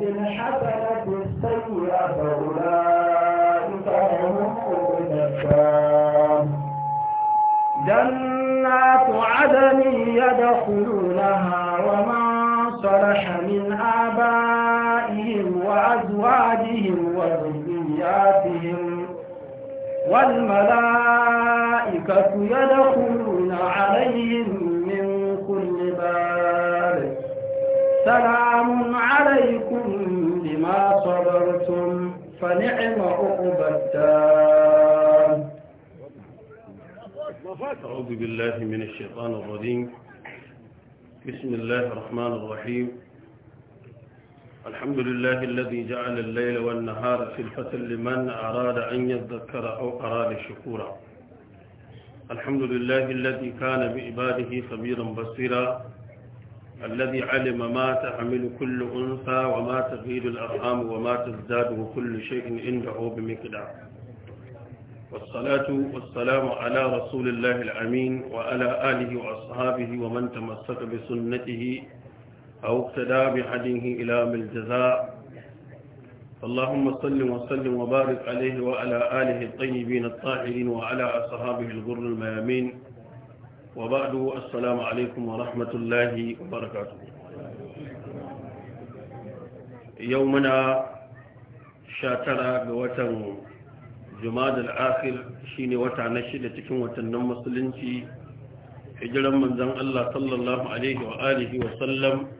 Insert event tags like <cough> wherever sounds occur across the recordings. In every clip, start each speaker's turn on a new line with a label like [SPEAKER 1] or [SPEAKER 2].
[SPEAKER 1] بالحسنة السيئة أولئك هم الكفار جنات عدن يدخلونها ومن صلح من آبائهم وأزواجهم وذرياتهم والملائكة يدخلون عليهم من كل باب سلام ما صبرتم فنعم عقب الدار
[SPEAKER 2] أعوذ بالله من الشيطان الرجيم بسم الله الرحمن الرحيم الحمد لله الذي جعل الليل والنهار خلفة لمن أراد أن يذكر أو أراد شكورا الحمد لله الذي كان بعباده خبيرا بصيرا الذي علم ما تعمل كل أنثى وما تغيير الأرحام وما تزداد كل شيء عنده بمقدار والصلاة والسلام على رسول الله الأمين وعلى آله وأصحابه ومن تمسك بسنته أو اقتدى بحديه إلى بالجزاء اللهم صل وسلم وبارك عليه وعلى آله الطيبين الطاهرين وعلى أصحابه الغر الميامين wa ba'du assalamu alaikum wa rahmatullahi wa barakatuh yau muna shatara ga watan jumada al'akhir shine wata na shida cikin watannin musulunci hijiran manzon Allah sallallahu alaihi wa alihi wa sallam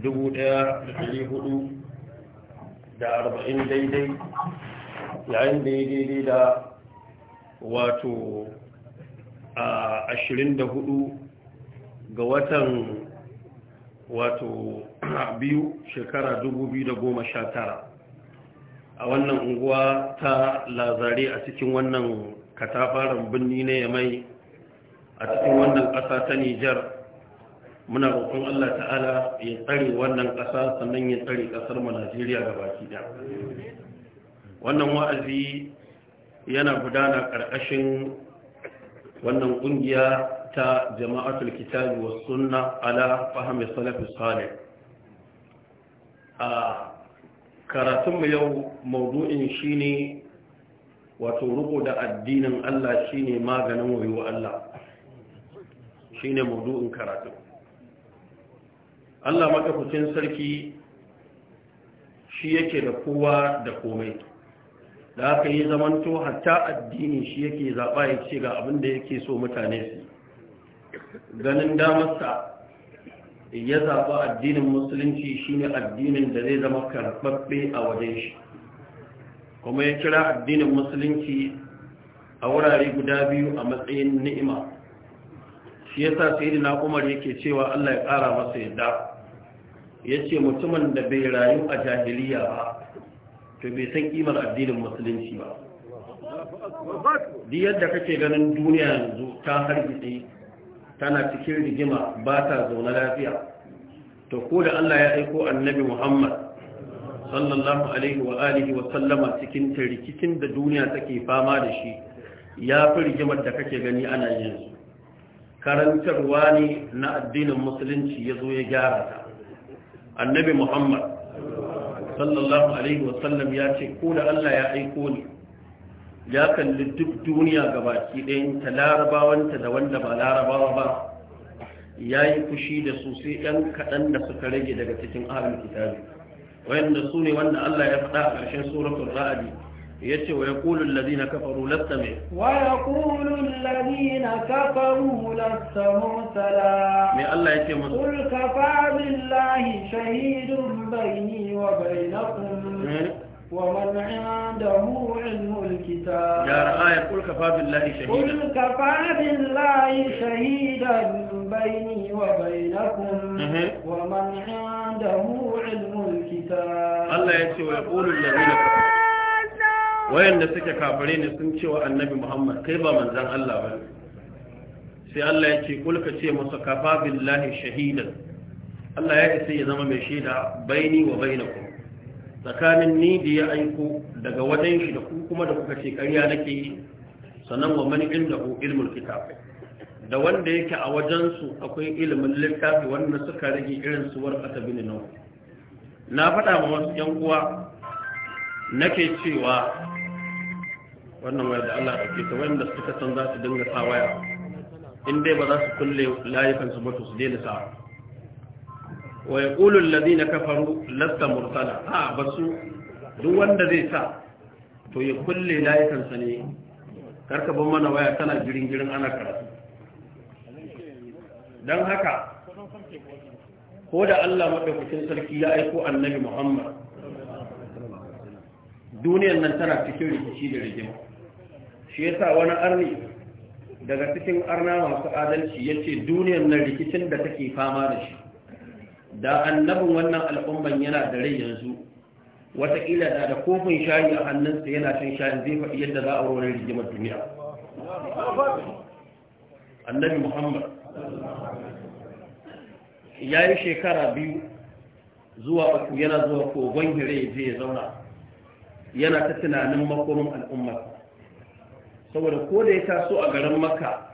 [SPEAKER 2] 1440 daidai yayin da yayi daidai da wato ashirin da hudu ga watan wato <clears throat> biyu shekara dubu biyu sha tara a wannan unguwa ta lazare a cikin wannan katafaren birni ne ya mai a cikin wannan ƙasa ta nijar
[SPEAKER 1] muna roƙon allah ta'ala ya tsare wannan ƙasa sannan ya tsare ƙasar mu najeriya ga baki da
[SPEAKER 2] wannan wa'azi yana gudana ƙarƙashin wannan kungiya ta jama'atul kitabi was sunna ala fahmi salafus salih a karatun mu yau maudu'in shine wato ruku da addinin Allah shine maganin wayo Allah shine maudu'in karatu Allah madaukakin sarki shi yake da kowa da komai da aka yi zamanto hatta addini shi yake zaɓa ya ce ga abin da yake so mutane su ganin damarsa ya zaɓa addinin musulunci shi ne addinin da zai zama karɓaɓɓe a wajen shi kuma ya kira addinin musulunci a wurare guda biyu a matsayin ni'ima shi ya sa, yasa na Umar yake cewa Allah ya ƙara masa yadda Ya ce mutumin da bai rayu a jahiliya ba to bai san kimar addinin musulunci ba duk yadda kake ganin duniya yanzu ta hargitse tana cikin rigima ba ta zaune lafiya to ko da Allah ya aiko annabi Muhammad sallallahu alaihi wa alihi wa sallama cikin rikicin da duniya take fama da shi ya fi rigimar da kake gani ana yin su karantarwa ne na addinin musulunci ya zo ya gyara ta annabi Muhammad sallallahu alaihi wasallam ya ce ko da Allah ya aiko ni
[SPEAKER 3] ya kalli duk duniya gabaki ɗayanta larabawanta da wanda ba larabawa ba
[SPEAKER 2] ya yi fushi da su sai ɗan kaɗan da suka rage daga cikin ahalin kitabi wayanda su ne wanda Allah ya faɗa a ƙarshen suratul ra'adi yace wa yaqulu alladhina kafaru lasta min wa
[SPEAKER 1] yaqulu alladhina kafaru lasta mursala me Allah yake musu qul kafa billahi shahidun bayni wa bainakum ومن عنده علم الكتاب يا رآية قل كفى بالله شهيدا قل كفى بالله شهيدا بيني وبينكم ومن عنده علم الكتاب الله يسوى يقول الذين كفروا
[SPEAKER 2] wayanda suke kafare ne sun cewa annabi muhammad kai ba manzan allah ba sai allah ya ce kulka ce masa kafa billahi shahidan allah ya isa ya zama mai shaida baini wa bainaku tsakanin ni da ya aiko daga wajen shi da ku kuma da kuka ce ƙarya nake yi sannan wa mani inda ku ilmul kitab da wanda yake a wajen wajensu akwai ilimin littafi wanda suka rage irin su warkata bin na faɗa ma wasu yan uwa nake cewa wannan waya da Allah ɗauke ta wanda suka san za su dinga sa waya in dai ba za su kulle layukan su mutu su daina sa wa yaqulu alladhina kafaru lasta mursala a basu duk wanda zai sa to ya kulle layukan sa ne karka ban mana waya tana girin girin ana karatu dan haka ko da Allah madaukakin sarki ya aiko annabi Muhammad duniyar nan tana cikin rikici da rigima shi yasa wani arni daga cikin arna masu adalci ya ce duniyar nan rikicin da take fama da shi da annabin wannan al'umman yana da rai yanzu wataƙila da da kofin shayi a hannunsa yana shan shayin zai faɗi yadda za a wani rigimar duniya annabi muhammad ya yi shekara biyu zuwa uku yana zuwa kogon hire zai zauna yana ta tunanin makomin al'ummar saboda ko da ya taso a garin makka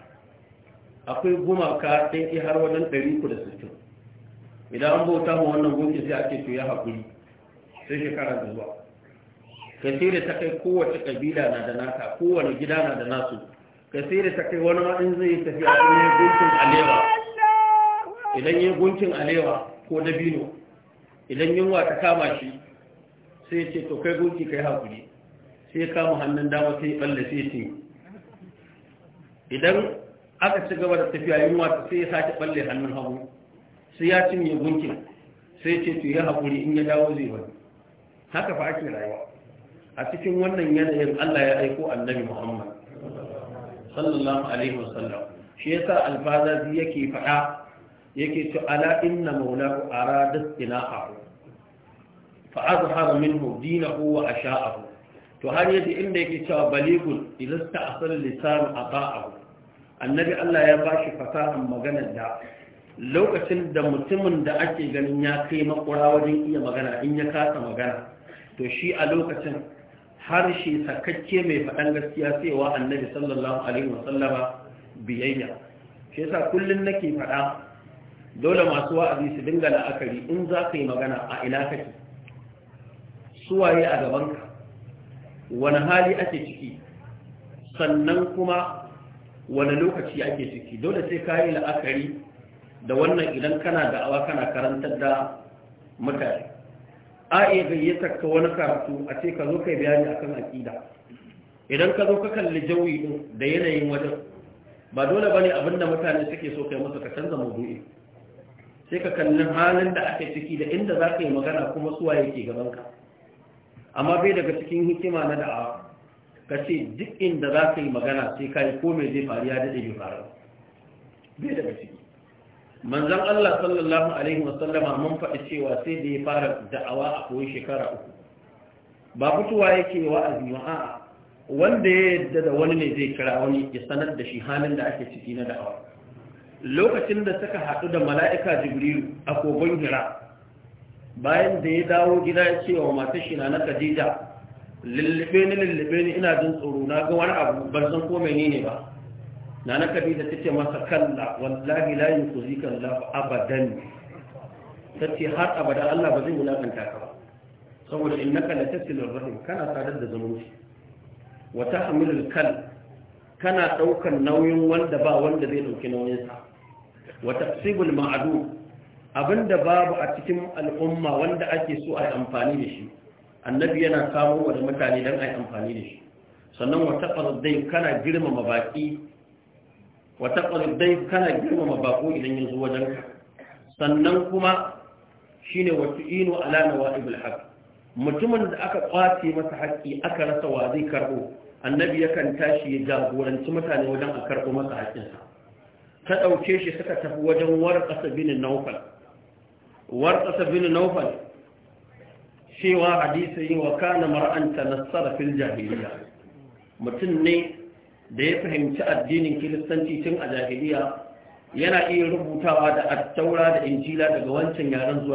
[SPEAKER 2] akwai gumaka ɗin ki har wajen 360 idan an bauta mu wannan gunki sai ake to ya haƙuri sai shekara da zuwa da ta kai kowace ƙabila na da nata, kowane gida na da nasu da ta kai wani ma'in zai tafi a yin gunkin alewa idan yin gunkin alewa ko dabino idan yunwa ta kama shi sai ce to kai gunki kai haƙuri sai kama hannun dama sai balle sai tinyi idan aka ci gaba da tafiya yunwa ta sai ya sake balle hannun hagu sai ya cinye gunkin sai ce to ya haƙuri in ya dawo zai bari haka fa ake rayuwa a cikin wannan yanayin Allah ya aiko annabi Muhammad sallallahu alaihi wasallam shi yasa alfazazi yake faɗa yake to ala inna maulahu arada istinahu fa azhara minhu dinahu wa asha'ahu to har yadda inda yake cewa baligul idza ta'asal lisan ata'ahu annabi Allah ya ba shi fasahan maganar da lokacin da mutumin da ake ganin ya kai makura wajen iya magana in ya kasa magana to shi a lokacin harshe sakakke mai faɗan gaskiya sai wa annabi sallallahu alaihi wasallama biyayya shi yasa kullun nake faɗa dole masu wa'azi su dinga la'akari in za ka yi magana a ina kake suwaye a gabanka wani hali ake ciki sannan kuma wani lokaci ake ciki dole sai ka yi la'akari da wannan idan kana da awa kana karantar da mutane a iya gayyatar ka wani karatu a ce ka zo kai bayani akan aƙida idan ka zo ka kalli jawi din da yanayin wajen ba dole bane abinda mutane suke so kai masa ka canza mabuɗi sai ka kalli halin da ake ciki da inda za ka yi magana kuma suwa yake gaban ka amma bai daga cikin hikima na da'awa ka ce duk inda za ka yi magana sai ka yi ko mai zai faru ya daɗe bai faru bai da ciki manzan Allah sallallahu alaihi wasallama mun faɗi cewa sai da ya fara da'awa a koyi shekara uku ba fitowa yake a ba a'a wanda ya yadda da wani ne zai kira wani ya sanar da shi halin da ake ciki na da'awa lokacin da suka haɗu da mala'ika jibrilu a kogon hira bayan da ya dawo gida ya ce wa matar na na khadija lullube ni lullube ni ina jin tsoro na ga wani abu ban san ko ne ba na na kabi da take masa kalla wallahi la yuzika Allah abadan tace har abada Allah ba zai wulakanta ka ba saboda innaka la tasilu rahim kana sadar da zumunci wa tahmilul kal kana daukan nauyin wanda ba wanda zai dauki nauyin sa wa taqsibul ma'du abinda babu a cikin al'umma wanda ake so a amfani da shi annabi yana kamo wa da mutane don a yi amfani da shi sannan wata ƙarfai kana girmama kana girmama baƙo idan yanzu zo wajenka sannan kuma shi ne wata ino alama wa ibul mutumin da aka ƙwace masa haƙƙi aka rasa wa zai karɓo annabi yakan tashi ya jagoranci mutane wajen a karɓo masa haƙƙinsa ta ɗauke shi suka tafi wajen warƙasa binin naufal warƙasa binin naufal cewa hadisi wa kana mar'anta tanassara fil jahiliya mutum ne da ya fahimci addinin kiristanci tun a jahiliya yana iya rubutawa da attaura da injila daga wancan yaren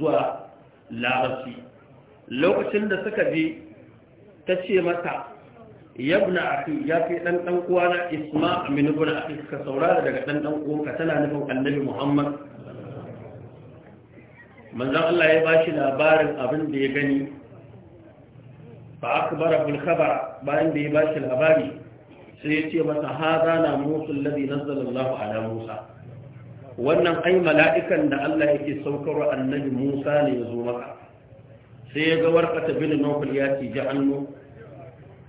[SPEAKER 2] zuwa larabci lokacin da suka je ta ce mata yabna aki ya fi dan dan uwana isma min ibn aki ka saurara daga dan dan uwanka tana nufin annabi muhammad manzan Allah ya bashi labarin abin da ya gani ba akbara bil khabar bayan da ya bashi labari sai ya ce masa haza na musu alladhi nazzala ala Musa wannan ai mala'ikan da Allah yake wa annabi Musa ne ya zo maka sai ya ga warkata bin Nawfal ya ce ja'annu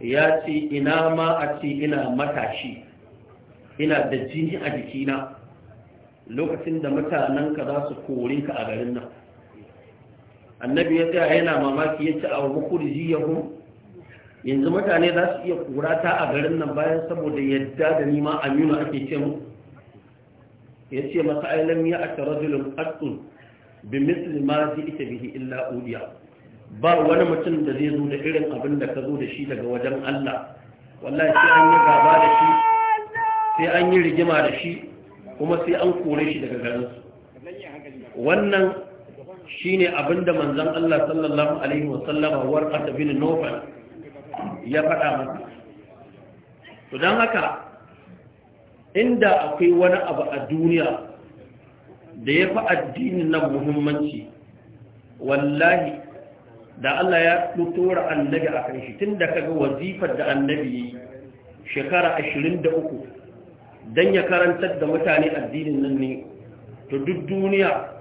[SPEAKER 2] ya ce ina ma a ce ina matashi ina da jini a jikina lokacin da mutanenka za su kore ka a garin nan annabi ya tsaya yana mamaki ya ci a hukurji ya hu yanzu mutane za su iya kura ta a garin nan bayan saboda yadda da nima aminu ake ce mu ya ce masa ailam ya a tarajulun ƙattun bi misli ma zai ita bihi illa udiya ba wani mutum da zai zo da irin abin da ka zo da shi daga wajen allah wallahi sai an yi gaba da shi sai an yi rigima da shi kuma sai an kore shi daga garinsu wannan shine abinda manzon Allah sallallahu alaihi wasallama warqata bin nufal ya faɗa masa to dan haka inda akwai wani abu a duniya da ya fi addinin na muhimmanci wallahi da Allah ya tura annabi a kan shi tun da kaga wazifar da annabi yi shekara 23 don ya karantar da mutane addinin nan ne to duk duniya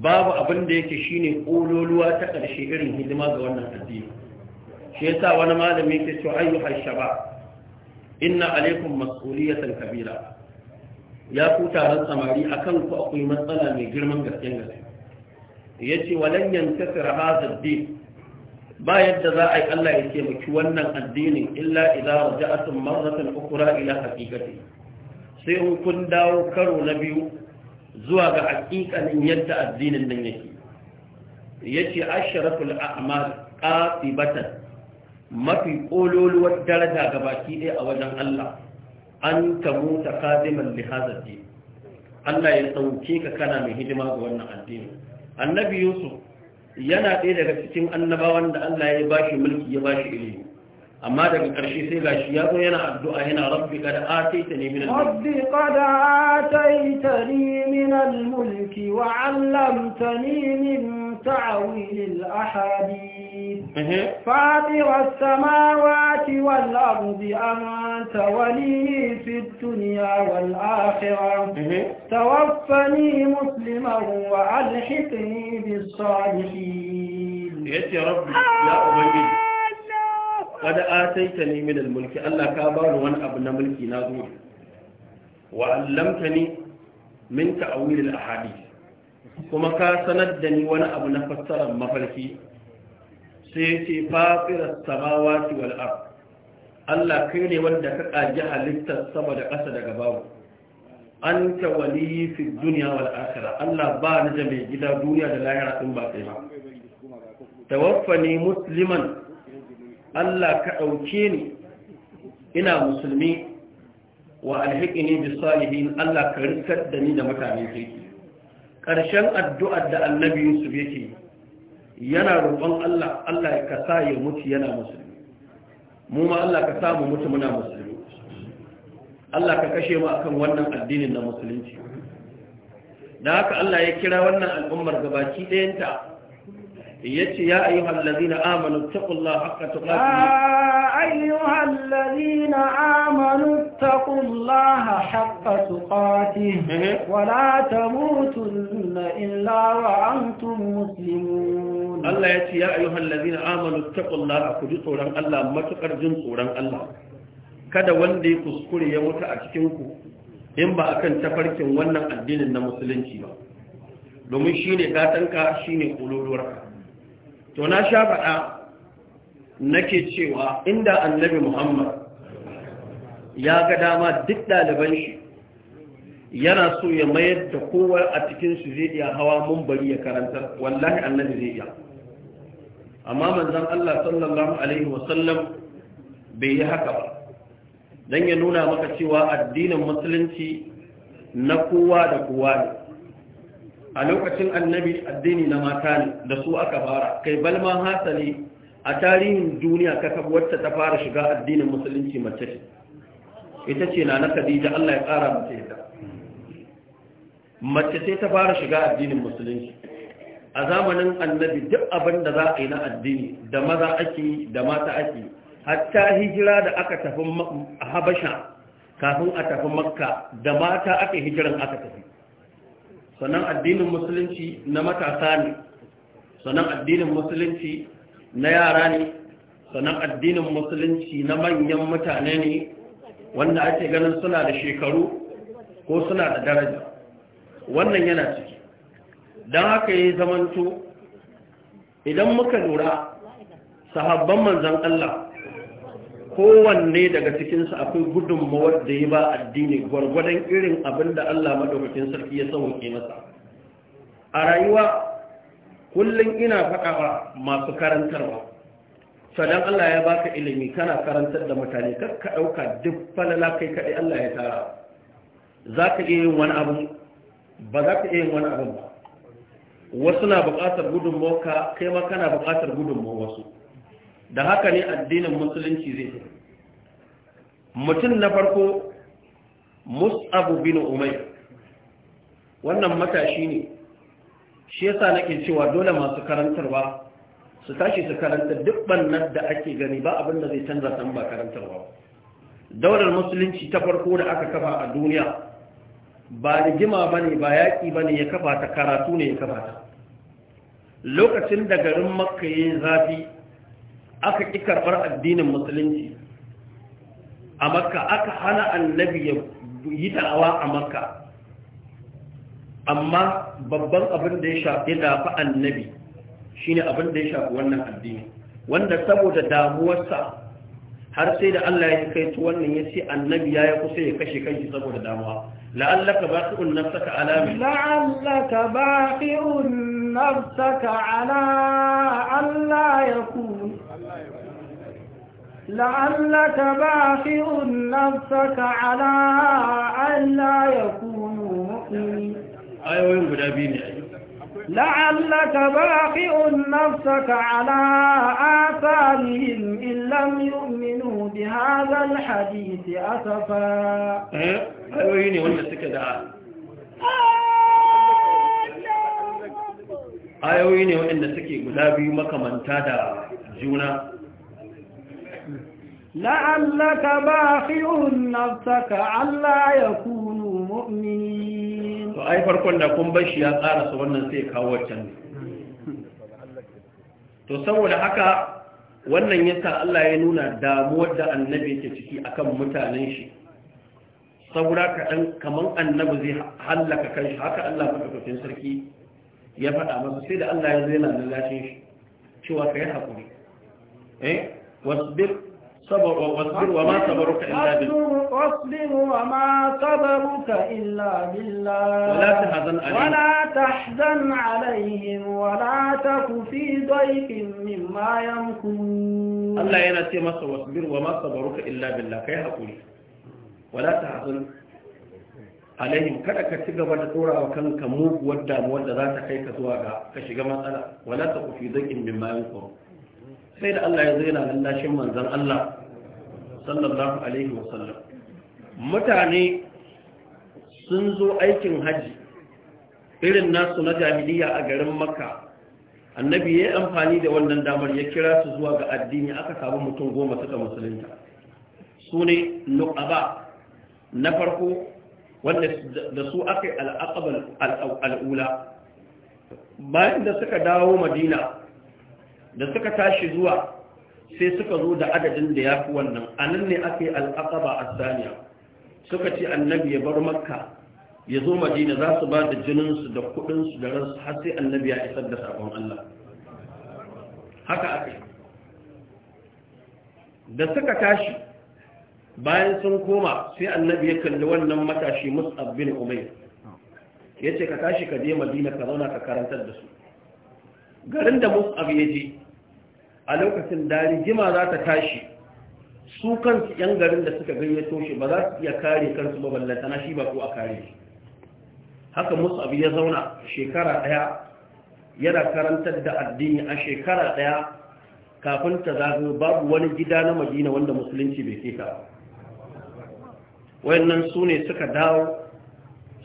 [SPEAKER 2] babu abin da yake shine ƙololuwa ta ƙarshe irin hidima ga wannan addini shi yasa wani malami yake cewa ayyuha shabab inna alaikum mas'uliyatan kabira ya ku taron samari akan ku akwai matsala mai girman gaske gaske yace walan yantasir hadha ad ba yadda za a yi Allah ya taimaki wannan addinin illa idza raja'atum marratan ukura ila haqiqati sai in kun dawo karo na biyu zuwa ga haƙiƙanin yadda addinin nan yake yace asharatul a'mal qatibatan mafi ƙololuwar daraja ga baki ɗaya a wajen Allah an tamu ta kadiman lihazar din Allah ya sauke ka kana mai hidima ga wannan addini annabi Yusuf yana ɗaya daga cikin annabawan da Allah ya bashi mulki ya bashi ilimi أما ذلك الكرشي سيغا شياغو ينا الدعاء هنا ربي قد آتيتني من الملك ربي
[SPEAKER 1] قد آتيتني من الملك وعلمتني من تعويل الأحاديث إيه. فاطر السماوات والأرض أنت ولي في الدنيا والآخرة إيه. توفني مسلما وألحقني بالصالحين
[SPEAKER 2] إيه يا ربي لا أبيدي qad ataitani min al-mulki Allah ka ba bani wani abu na mulki na zuwa wa allamtani min ta'wil al-ahadith kuma ka sanar da ni wani abu na fassarar mafarki sai yace fatiras samawati wal ard Allah kai ne wanda ka kaji halittar sama ƙasa daga babu an ta wali fi duniya wal Allah ba ni da mai gida duniya da lahira din ba kai ba tawaffani musliman Allah ka ɗauke ni ina musulmi wa alhikini bi salihin Allah ka rikar da ni da mutane kirki ƙarshen addu'ar da annabi Yusuf yake yana roƙon Allah Allah ka sa ya mutu yana musulmi mu ma Allah ka sa mu mutu muna musulmi Allah ka kashe mu akan wannan addinin na musulunci da haka Allah ya kira wannan al'ummar gabaki ɗayanta يتي يا أيها الذين آمنوا اتقوا الله حق تقاته
[SPEAKER 1] يا أيها الذين آمنوا اتقوا الله حق تقاته ولا تموتن إلا وأنتم مسلمون الله
[SPEAKER 2] يتي يا أيها الذين آمنوا اتقوا الله كجي صورا الله ما تقرجن صورا الله kada wanda ya kuskure ya mutu a cikinku in ba akan tafarkin wannan addinin na musulunci ba domin shine gatanka shine kululuwarka to na sha faɗa nake cewa inda annabi muhammad ya ga dama duk ɗaliban shi yana so ya mayar da kowa a cikinsu zai iya hawa bari ya karanta wallahi annabi zai iya amma manzan Allah sallallahu Alaihi wasallam bai yi haka ba don ya nuna maka cewa addinin musulunci na kowa da kowa ne a lokacin annabi addini na mata ne da su aka fara kai balma hasali a tarihin duniya kafa wacce ta fara shiga addinin musulunci mace ce ita ce na na Allah ya kara mace yadda mace ce ta fara shiga addinin musulunci a zamanin annabi duk abin da za a yi na addini da maza ake da mata ake hatta hijira da aka tafi habasha kafin a tafi makka da mata aka hijiran aka tafi sannan addinin musulunci na matasa ne sannan addinin musulunci na yara ne sannan addinin musulunci na manyan mutane ne wanda ake ganin suna da shekaru ko suna da daraja wannan yana ciki don haka yi zamanto idan muka lura sahabban manzan Allah kowanne daga cikinsu akwai gudunmawar da ya ba addini gwargwadon irin abin da Allah maɗaukakin sarki ya sauke masa a rayuwa kullum ina faɗawa masu karantarwa sadan Allah ya baka ilimi kana karantar da mutane kar ka ɗauka duk falala kai kaɗai Allah ya tara za ka iya yin wani abu ba za ka iya yin wani abu ba wasu na buƙatar gudunmawa kai ma kana buƙatar gudunmawa wasu da haka ne addinin musulunci zai mutum na farko mus'abu bin umai wannan matashi ne shi yasa nake cewa dole masu karantarwa su tashi su karanta duk bannan da ake gani ba abin da zai canza san ba karantarwa daular musulunci ta farko da aka kafa a duniya ba rigima ba ne ba yaƙi ba ne ya kafa ta karatu ne ya kafa ta lokacin da garin makka ya yi zafi aka ƙi karɓar addinin musulunci a makka aka hana annabi ya yi da'awa a makka amma babban abin da ya shafi dafa annabi shine abin da ya shafi wannan addini wanda saboda damuwarsa har sai da Allah ya kai ta wannan ya ce annabi ya yi kusa ya kashe kanshi saboda damuwa la'allaka baqi'un nafsaka ala min
[SPEAKER 1] la'allaka baqi'un nafsaka ala Allah yakun لعلك باخع نفسك على أن لا يكونوا مؤمنين لعلك باخع نفسك على آثارهم إن لم يؤمنوا بهذا الحديث أسفا أيوة ne wanda
[SPEAKER 2] suka da ayoyi ne waɗanda suke guda
[SPEAKER 1] لعلك باخع نفسك ألا يكونوا مؤمنين فأي
[SPEAKER 2] فرقون لكم بشي يا قارس وانا سيك هوتن تصور حكا wannan yasa Allah ya nuna damuwar da annabi yake ciki akan mutanen shi saura kaɗan kaman annabi zai hallaka kanshi haka Allah sarki ya faɗa masa sai da Allah ya zai na lallashin shi cewa ka yi haƙuri eh wasbir sabarwa wasbiru wa ma sabaruka illa
[SPEAKER 1] billah wasbiru wa ma sabaruka illa billah wala tahzan alaihim wala taku fi daifin mimma yanku Allah
[SPEAKER 2] yana ce masa wasbiru wa ma sabaruka illa billah kai hakuri wala tahzan alaihim kada ka ci gaba da tsora wa kanka muguwar damuwar da za ta kai ka zuwa ga ka shiga matsala wala taku fi daifin mimma yanku sai da Allah ya zo yana lallashin manzon Allah sallallahu alaihi wasallam mutane sun zo aikin haji irin nasu na jahiliya a garin makka annabi ya amfani da wannan damar ya kira su zuwa ga addini aka samu mutum goma suka musulunta su ne nu'aba na farko wanda da su aka yi al'ula bayan da suka dawo madina da suka tashi zuwa sai suka zo da adadin da ya fi wannan a nan ne aka yi al'aqaba a saniya suka ce annabi ya bar makka ya zo madina za su ba da jininsu da kudinsu da ransu har sai annabi ya isar da sabon Allah haka aka yi da suka tashi bayan sun koma sai annabi ya kalli wannan matashi mus'ab bin umayr yace ka tashi ka je madina ka zauna ka karantar da su garin da abu ya je a lokacin da jima za ta tashi su kansu yan garin da suka gayyato shi ba za su iya kare kansu ba ballanta na shi ba ko a kare shi haka abu ya zauna shekara daya yana karantar da addini a shekara daya kafin ta zafi babu wani gida na madina wanda musulunci bai keka. wayannan su ne suka dawo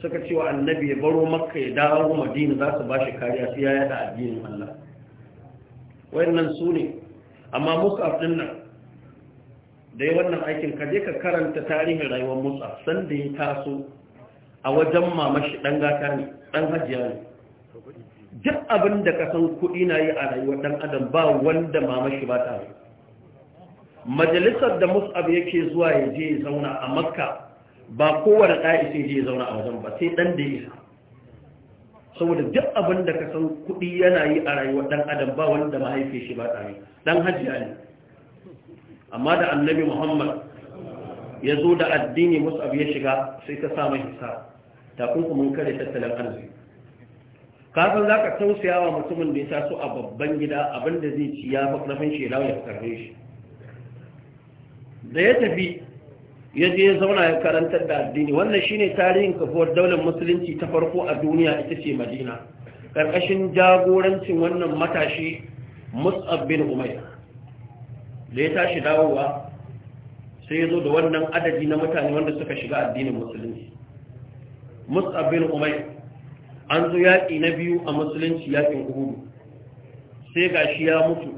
[SPEAKER 2] suka cewa annabi ya baro makka ya dawo madina za su ba shi kariya sai ya yada addinin Allah wayannan su ne amma Musa din nan dai wannan aikin ka je ka karanta tarihin rayuwar Musa san da ya taso a wajen mamashi dan gata ne dan hajiya ne duk abin da ka san kuɗi na yi a rayuwar dan adam ba wanda mamashi ba ta majalisar da mus'ab yake zuwa ya je ya zauna a makka ba kowane ɗa isa je zauna a wajen ba sai ɗan da ya isa saboda duk abin da ka san kuɗi yana yi a rayuwar ɗan adam ba wanda mahaifi shi ba ɗari ɗan hajji ne amma da annabi muhammad ya zo da addini abu ya shiga sai ta sa ta hisa takunkumin kare tattalin arziki kafin za ka tausaya wa mutumin da ya taso a babban gida abin da zai ci ya fi ƙarfin shi ya lauya karfe shi da ya tafi ya je ya zauna ya karantar da addini wannan shine tarihin kafuwar daular musulunci ta farko a duniya ita ce madina ƙarƙashin jagorancin wannan matashi mus'ab bin umayya da ya tashi dawowa sai ya zo da wannan adadi na mutane wanda suka shiga addinin musulunci mus'ab bin umayya an zo yaƙi na biyu a musulunci yaƙin uhudu sai ga shi ya mutu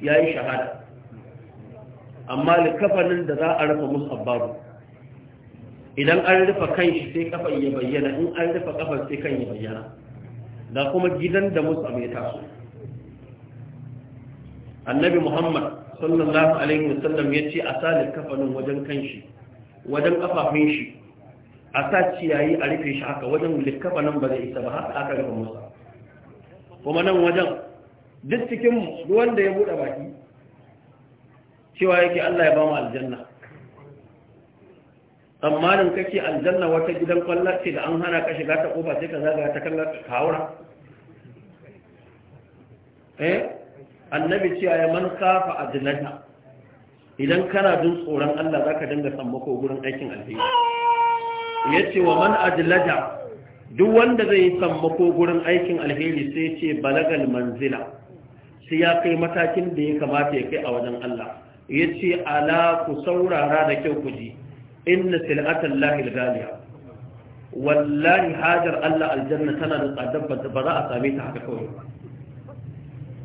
[SPEAKER 2] ya yi shahada amma likafanin da za a rufe musu babu idan an rufe kan shi sai kafan ya bayyana in an rufe kafan sai kan ya bayyana da kuma gidan da mus'ab ya taso annabi muhammad sallallahu alaihi wasallam ya ce a sa likafanin wajen kan shi wajen kafafin shi a sa ciyayi a rufe shi haka wajen likafanin ba zai isa ba haka aka rufe musa kuma nan wajen duk cikin wanda ya buɗe baki cewa yake Allah ya ba mu aljanna tsammanin kake aljanna wata gidan kwallar ce da an hana ka shiga ta kofa sai ka zaga ta kallon ka haura eh annabi cewa ya man kafa ajnata idan kana jin tsoron Allah zaka dinga sammako gurin aikin alheri yace wa man ajlaja duk wanda zai yi sammako gurin aikin alheri sai ce balagal manzila sai ya kai matakin da ya kamata ya kai a wajen Allah ya ce ala ku saurara da kyau ku ji inna sil'atan lahil galiya wallahi hajar Allah aljanna tana da tsadar ba za a same ta haka kawai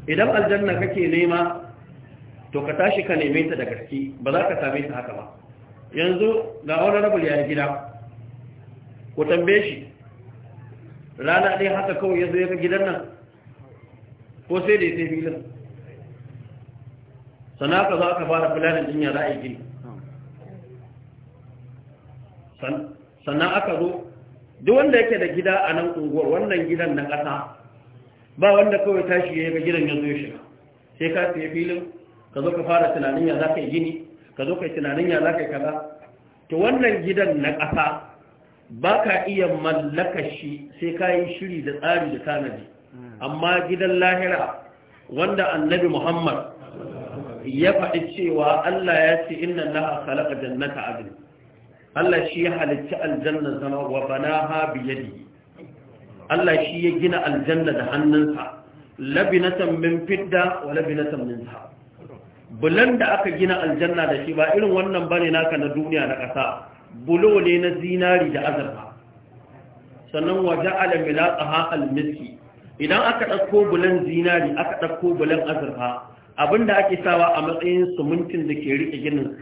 [SPEAKER 2] idan aljanna kake nema to ka tashi ka neme ta da gaske ba za ka same ta haka ba yanzu ga wani rabul ya gida ku tambaye shi rana ɗaya haka kawai ya zo ya ga gidan nan ko sai da ya sai filin Sannan aka za ka fara filanin din ya za a gini sannan aka zo duk wanda yake da gida a nan unguwar wannan gidan na ƙasa ba wanda kawai tashi ya yi ga gidan ya zo ya shiga sai ka fiye filin ka zo ka fara tunanin ya za ka yi gini ka zo ka yi tunanin ya za ka yi kaza to wannan gidan na ƙasa ba ka iya mallaka shi sai ka yi shiri da tsari da tanadi hmm. amma gidan lahira wanda annabi muhammad ya faɗi cewa Allah ya ce inna laha khalaqa jannata adn Allah shi ya halicci aljanna zama wa banaha bi yadi. Allah shi ya gina aljanna da hannunsa labinatan min fidda wa labinatan min zahab bulan da aka gina aljanna da shi ba irin wannan bane naka na duniya na ƙasa bulo ne na zinari da azurfa sannan waje alamila tsaha almiski idan aka ɗauko bulan zinari aka ɗauko bulan azurfa abin da ake sawa a matsayin sumuntin da ke riƙe ginin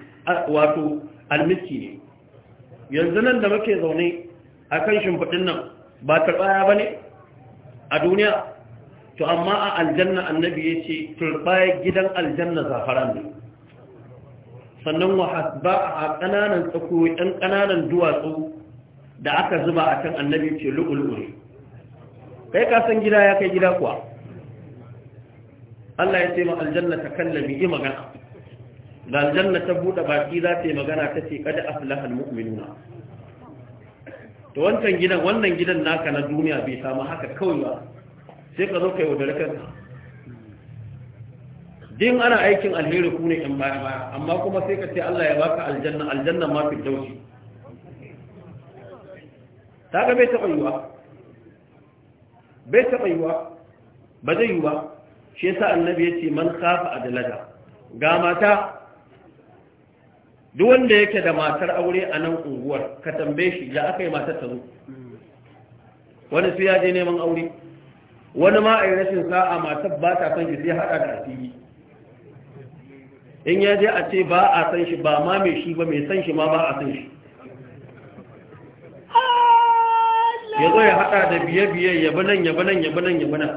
[SPEAKER 2] wato almiski ne yanzu nan da muke zaune a kan shimfiɗin nan ba turɓaya ba ne a duniya to amma a aljanna annabi ya ce turɓaya gidan aljanna zafaran ne sannan ba a ƙananan tsako ɗan ƙananan duwatsu da aka zuba a kan annabi ce lu'ulu'u kai ka san gida ya kai gida kuwa Allah ya ce ma aljanna ta kallami yi magana da aljanna ta buɗe baki za ta yi magana ta ce kada aflahal mu'minuna to wancan gidan wannan gidan naka na duniya bai samu haka kawai ba sai ka zo kai wa darkar din ana aikin alheri ku ne in baya baya amma kuma sai ka ce Allah ya baka aljanna aljanna ma fi dauki ta ga bai taɓa yiwa bai taɓa yiwa ba zai yiwa shi yasa annabi yace man khafa adalata ga mata duk wanda yake da matar aure a nan unguwar ka tambaye shi ya aka yi matar ta zo wani su ya je neman aure wani ma a yi rashin sa'a matar ba ta san shi sai haɗa da asiri in ya je a ce ba a san shi ba ma mai shi ba mai san shi ma ba a san shi ya zo ya haɗa da biye-biye yabanan nan yabanan nan nan nan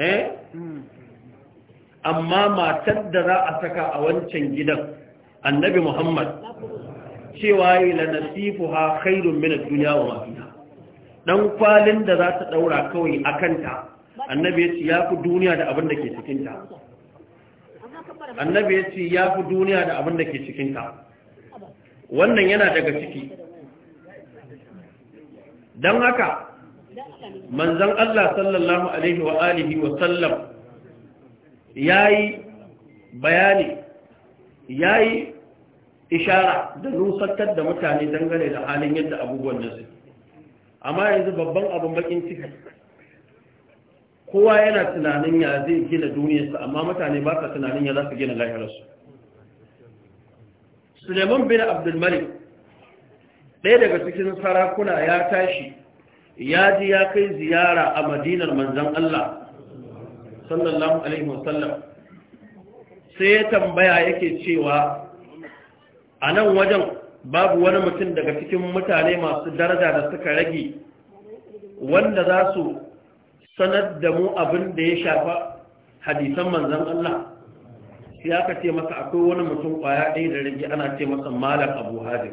[SPEAKER 2] eh amma matar da za a saka a wancan gidan annabi muhammad cewa yi la nasifu ha khairun min duniya wa mafiya Ɗan kwalin da za ta ɗaura kawai a kanta, annabi yace ya fi duniya da abin da ke cikinta
[SPEAKER 3] annabi ya ce
[SPEAKER 2] ya fi duniya da abin da ke cikinta wannan yana daga ciki Don haka manzan Allah sallallahu alaihi wa alihi wa sallam yayi bayani yayi ishara da nusantar da mutane dangane da halin yadda abubuwan da su amma yanzu babban abin bakin ciki kowa yana tunanin ya zai gina duniyarsa amma mutane ba ka tunanin ya za su gina lahirarsu suleiman bin abdulmalik ɗaya daga cikin sarakuna ya tashi ya ji ya kai ziyara a madinar manzan Allah sallallahu alaihi wasallam sai ya tambaya yake cewa a nan wajen babu wani mutum daga cikin mutane masu daraja da suka rage wanda za su sanar da mu abin da ya shafa hadisan manzan Allah shi aka ce masa akwai wani mutum kwaya ɗaya da rage ana ce masa malam abu hajji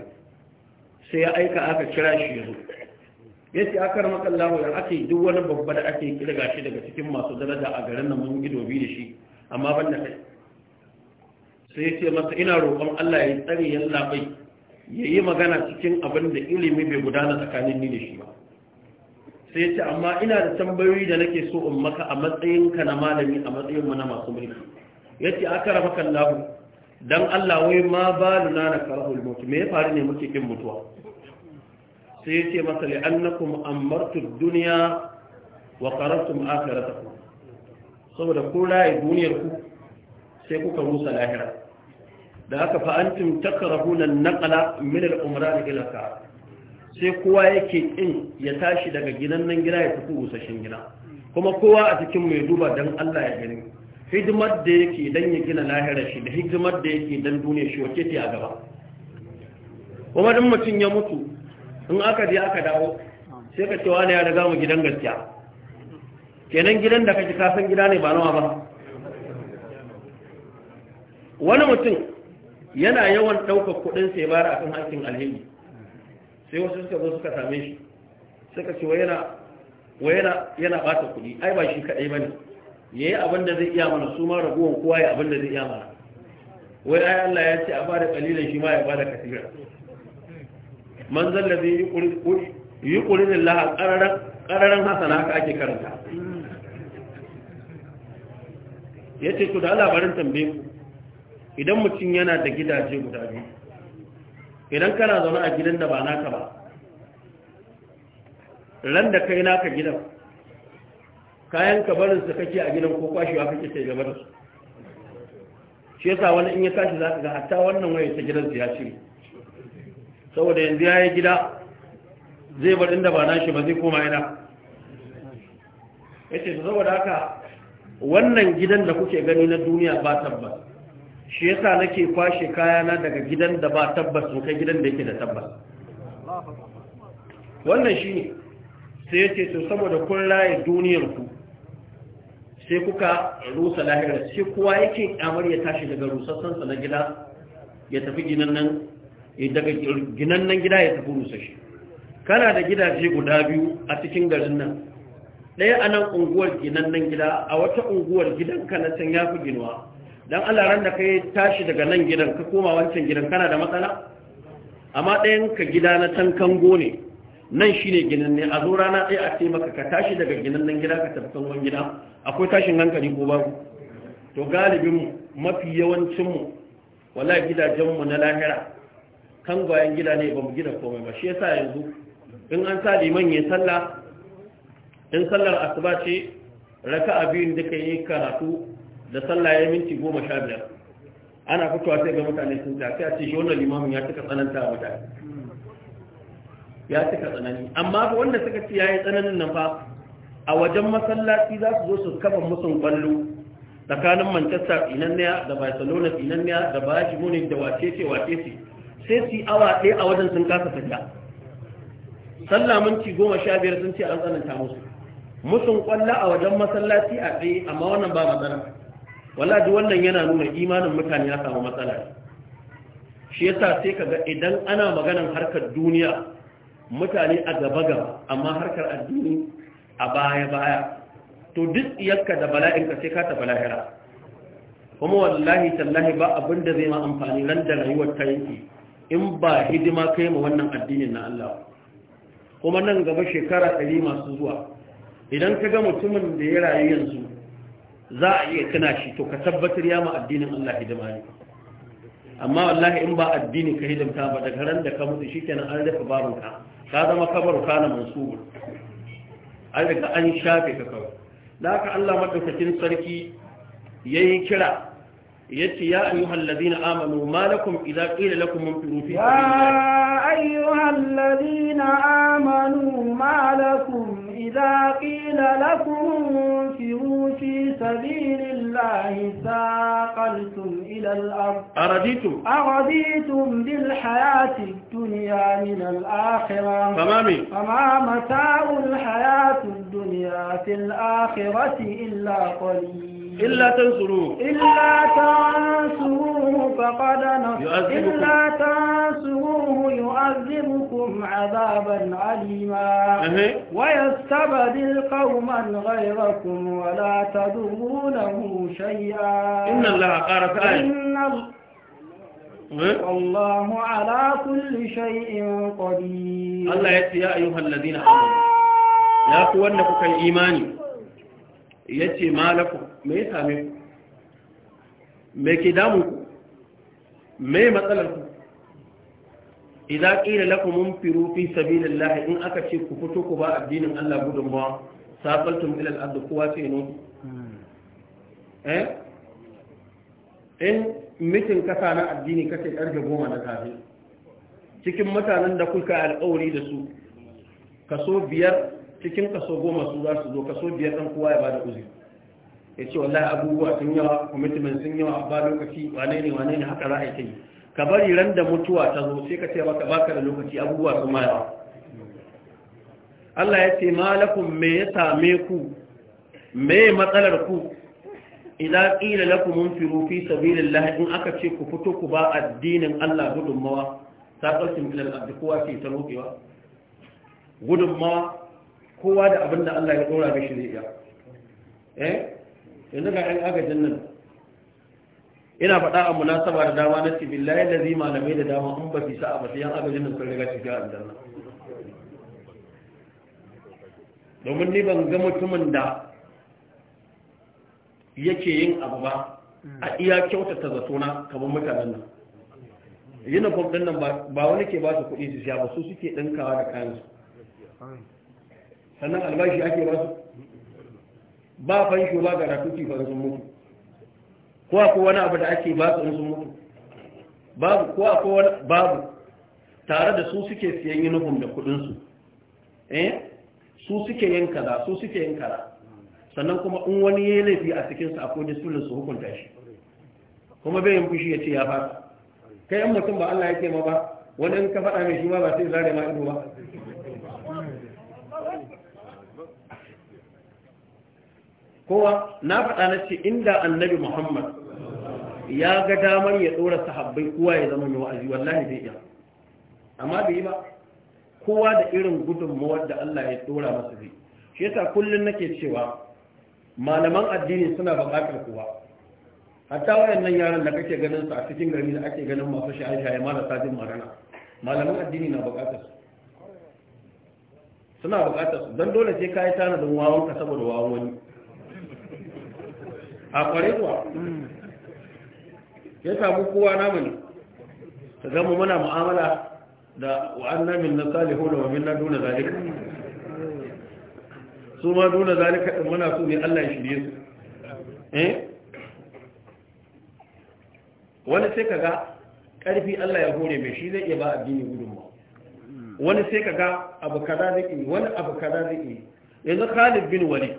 [SPEAKER 2] sai ya aika aka kira shi yanzu ya ce aka rama kallahu ya ake duk wani babba da ake kirga shi daga cikin masu daraja a garin nan mun ido biyu da shi amma ban da kai sai ya ce masa ina roƙon Allah ya tsare yan labai ya yi magana cikin abin da ilimi bai gudana tsakanin ni da shi ba sai ya ce amma ina da tambayoyi da nake so in maka a matsayinka na malami a matsayinmu na masu mulki ya ce aka rama kallahu dan Allah wai ma baluna na karahul mutu me ya faru ne muke kin mutuwa sai ya ce masa li'annakum ammartu duniya wa qarartum akhiratakum saboda ko rayi duniyar ku sai kuka rusa lahira da haka fa antum takrahuna an-naqla min al-umran ila ka sai kowa yake kin ya tashi daga gidan nan gida ya tafi rusashin gida kuma kowa a cikin mai duba dan Allah ya gani hidimar da yake dan ya gina lahira shi da hidimar da yake dan duniya shi wace ce a gaba kuma dan mutun ya mutu in aka je aka dawo sai ka cewa ne ya riga mu gidan gaskiya kenan gidan da kake kasan gida ne ba nawa ba wani mutum yana yawan ɗaukar kuɗin sai bara akan hakkin alheri sai wasu suka zo suka same shi suka ce wai yana yana bata kuɗi ai ba shi kaɗai ba ne ya yi abin da zai iya mana su ma raguwan kowa ya abin da zai iya mana wai ai Allah ya ce a bada kalilan shi ma ya bada kasira man zallabi yi ƙulinin laha ƙararren hasana ka ake karanta ya ce ku da labarin tambaye ku idan mutum yana da gidaje guda biyu idan kana zaune a gidan da ba naka ba ran da kai naka gidan kayan kabarinsa kake a gidan ko kwashewa kake sai gaba da su shi yasa wani in ya tashi za ka ga hatta wannan waye ta gidan ya ce saboda yanzu ya yi gida zai bar inda ba nashi ba zai koma yana ya ce saboda haka wannan gidan da kuke gani na duniya ba tabbas shi yasa nake kwashe kayana daga gidan da ba tabbas in kai gidan da yake da tabbas wannan shi sai ya ce to saboda kun raye duniyarku sai kuka rusa lahirar sai kuwa yake amur ya tashi daga rusassansa na gida ya tafi ginin nan Eh, daga ginannan gida ya tafi shi? kana da gidaje guda biyu a cikin garin nan ɗaya a nan unguwar ginannan gida a wata unguwar gidan na can ya fi ginuwa don alaran da ka yi tashi daga nan gidan ka koma wancan gidan kana da matsala amma ɗayan ka gida na can kango ne nan shi ne ne. a zo rana ɗaya a taimaka ka tashi daga ginannan gida ka tafi kangon gida akwai tashin hankali ko babu to galibin mafi yawancinmu wala gidajenmu na lahira tangwayen gida ne ba mu gina komai ba shi ya sa yanzu in an sa liman ya sallah in sallar asuba ce raka biyun da yi karatu da sallah ya minti goma sha biyar ana fitowa sai ga mutane sun ta kai a ce shi wannan limamin ya cika tsananta a mutane ya cika tsanani amma wanda suka ce yi tsananin nan fa a wajen masallaci za su zo su kafa musun kwallo tsakanin manchester inanniya da barcelona inanniya da bayern munich da wace ce wace ce sai su awa ɗaya a wajen sun kasa fita sallah minti goma sha biyar sun ce an tsananta musu musun kwalla a wajen masallaci a tsaye amma wannan ba matsala Wala duk wannan yana nuna imanin mutane ya samu matsala shi yasa sai kaga idan ana maganan harkar duniya mutane a gaba gaba amma harkar addini a baya baya to duk iyakka da bala'inka sai ka tafi lahira kuma wallahi tallahi ba abin da zai ma amfani nan da rayuwar ta yanki in ba hidima kai ma wannan addinin na Allah kuma nan gaba shekara ɗari masu zuwa idan ka ga mutumin da ya rayu yanzu za a iya kana shi to ka tabbatar ya ma addinin Allah hidima ne amma wallahi in ba addini ka hidimta ba daga ran da ka mutu shikenan an rufe babanka ka zama kabaru kana mansubur an riga an shafe ka kawai da haka Allah madaukakin sarki yayi kira يتي يا أيها الذين آمنوا ما لكم إذا قيل لكم
[SPEAKER 1] انفروا في سبيل يا أيها الذين آمنوا ما لكم إذا قيل لكم انفروا في سبيل الله ساقلتم إلى الأرض أرديتم أرديتم بالحياة الدنيا من الآخرة فما من فما متاع الحياة الدنيا في الآخرة إلا قليل إلا تنصروه إلا تنصروه فقد نصر إلا تنصروه يعذبكم عذابا عليما ويستبدل قوما غيركم ولا تدرونه شيئا إن الله قالت آية إن الله على كل شيء قدير الله
[SPEAKER 2] يا أيها الذين آمنوا يا أخوانك كالإيمان ya ce malaku me ya same ku me ke damu ku me matsalar ku idan ƙila laku mun firu fi sabilin lahi in aka ce ku fito ku ba addinin Allah gudunmawa saƙaltun ilal ardu kowa ce nun hmm. eh in mitin kasa na addini kace ƙarfe goma na safe cikin mutanen da kuka alƙawari da su kaso biyar cikin kaso goma su za su zo kaso biyar ɗan kowa ya bada uzuri ya ce wallahi abubuwa sun yawa commitment sun yawa ba lokaci wane ne wane ne haka za a yi ta yi. ka bari ran da mutuwa ta zo sai ka ce baka baka da lokaci abubuwa sun ma yawa Allah ya ce malakum me ya same ku me matsalar ku idan ƙila lakum munfiru fi sabilillah in aka ce ku fito ku ba addinin Allah gudunmawa ta ƙarfin ilal abdi kowa ce ta roƙewa gudunmawa kowa da abin da Allah ya dora mishi zai iya eh yanzu ga ɗan agajin nan ina faɗa a munasaba da dama na cibin layin da da malamai da dama an ba fi sa'a ba sai yan agajin nan sun riga cikin aljanna domin ni ban ga mutumin da yake yin abu ba a iya kyautata na, kamar mutanen nan uniform ɗin nan ba wani ke ba su kuɗi su siya ba su suke ɗinkawa da kayansu sannan albashi ake ba su ba fansho ba karatu ci fa sun mutu ko akwai wani abu da ake ba su sun mutu babu ko akwai wani babu tare da su suke siyan uniform da kudinsu su eh su suke yin kaza su suke yin kaza sannan kuma in wani yayi laifi a cikin sa akwai disulun su hukunta shi kuma bai yin fushi ya ce ya fara. kai an mutum ba Allah ya ce ma ba wani in ka faɗa mai shi ma ba sai zare ma ido ba kowa na faɗa na ce inda annabi muhammad ya ga damar ya ɗora sahabbai kowa ya zama mai wa'azi wallahi zai iya amma bai yi ba kowa da irin gudunmawar da Allah ya ɗora masa zai shi yasa kullum nake cewa malaman addini suna buƙatar kowa hatta wayannan yaran da kake ganin su a cikin gari da ake ganin masu shaye-shaye marasa jin magana malaman addini na buƙatar su suna buƙatar su don dole sai ka yi tana don wawanka saboda wawan wani a kware kuwa mm. ya samu kowa namun ta zama mana mu'amala da wa'an min na salihu da wa minna na duna zalika su ma duna zalika ɗin muna su ne allah ya shirye su eh? wani sai kaga ƙarfi Allah ya hore mai shi zai iya ba addini gudunmu. wani sai kaga abu kaza zai wani abu kaza zai yanzu Khalid bin Walid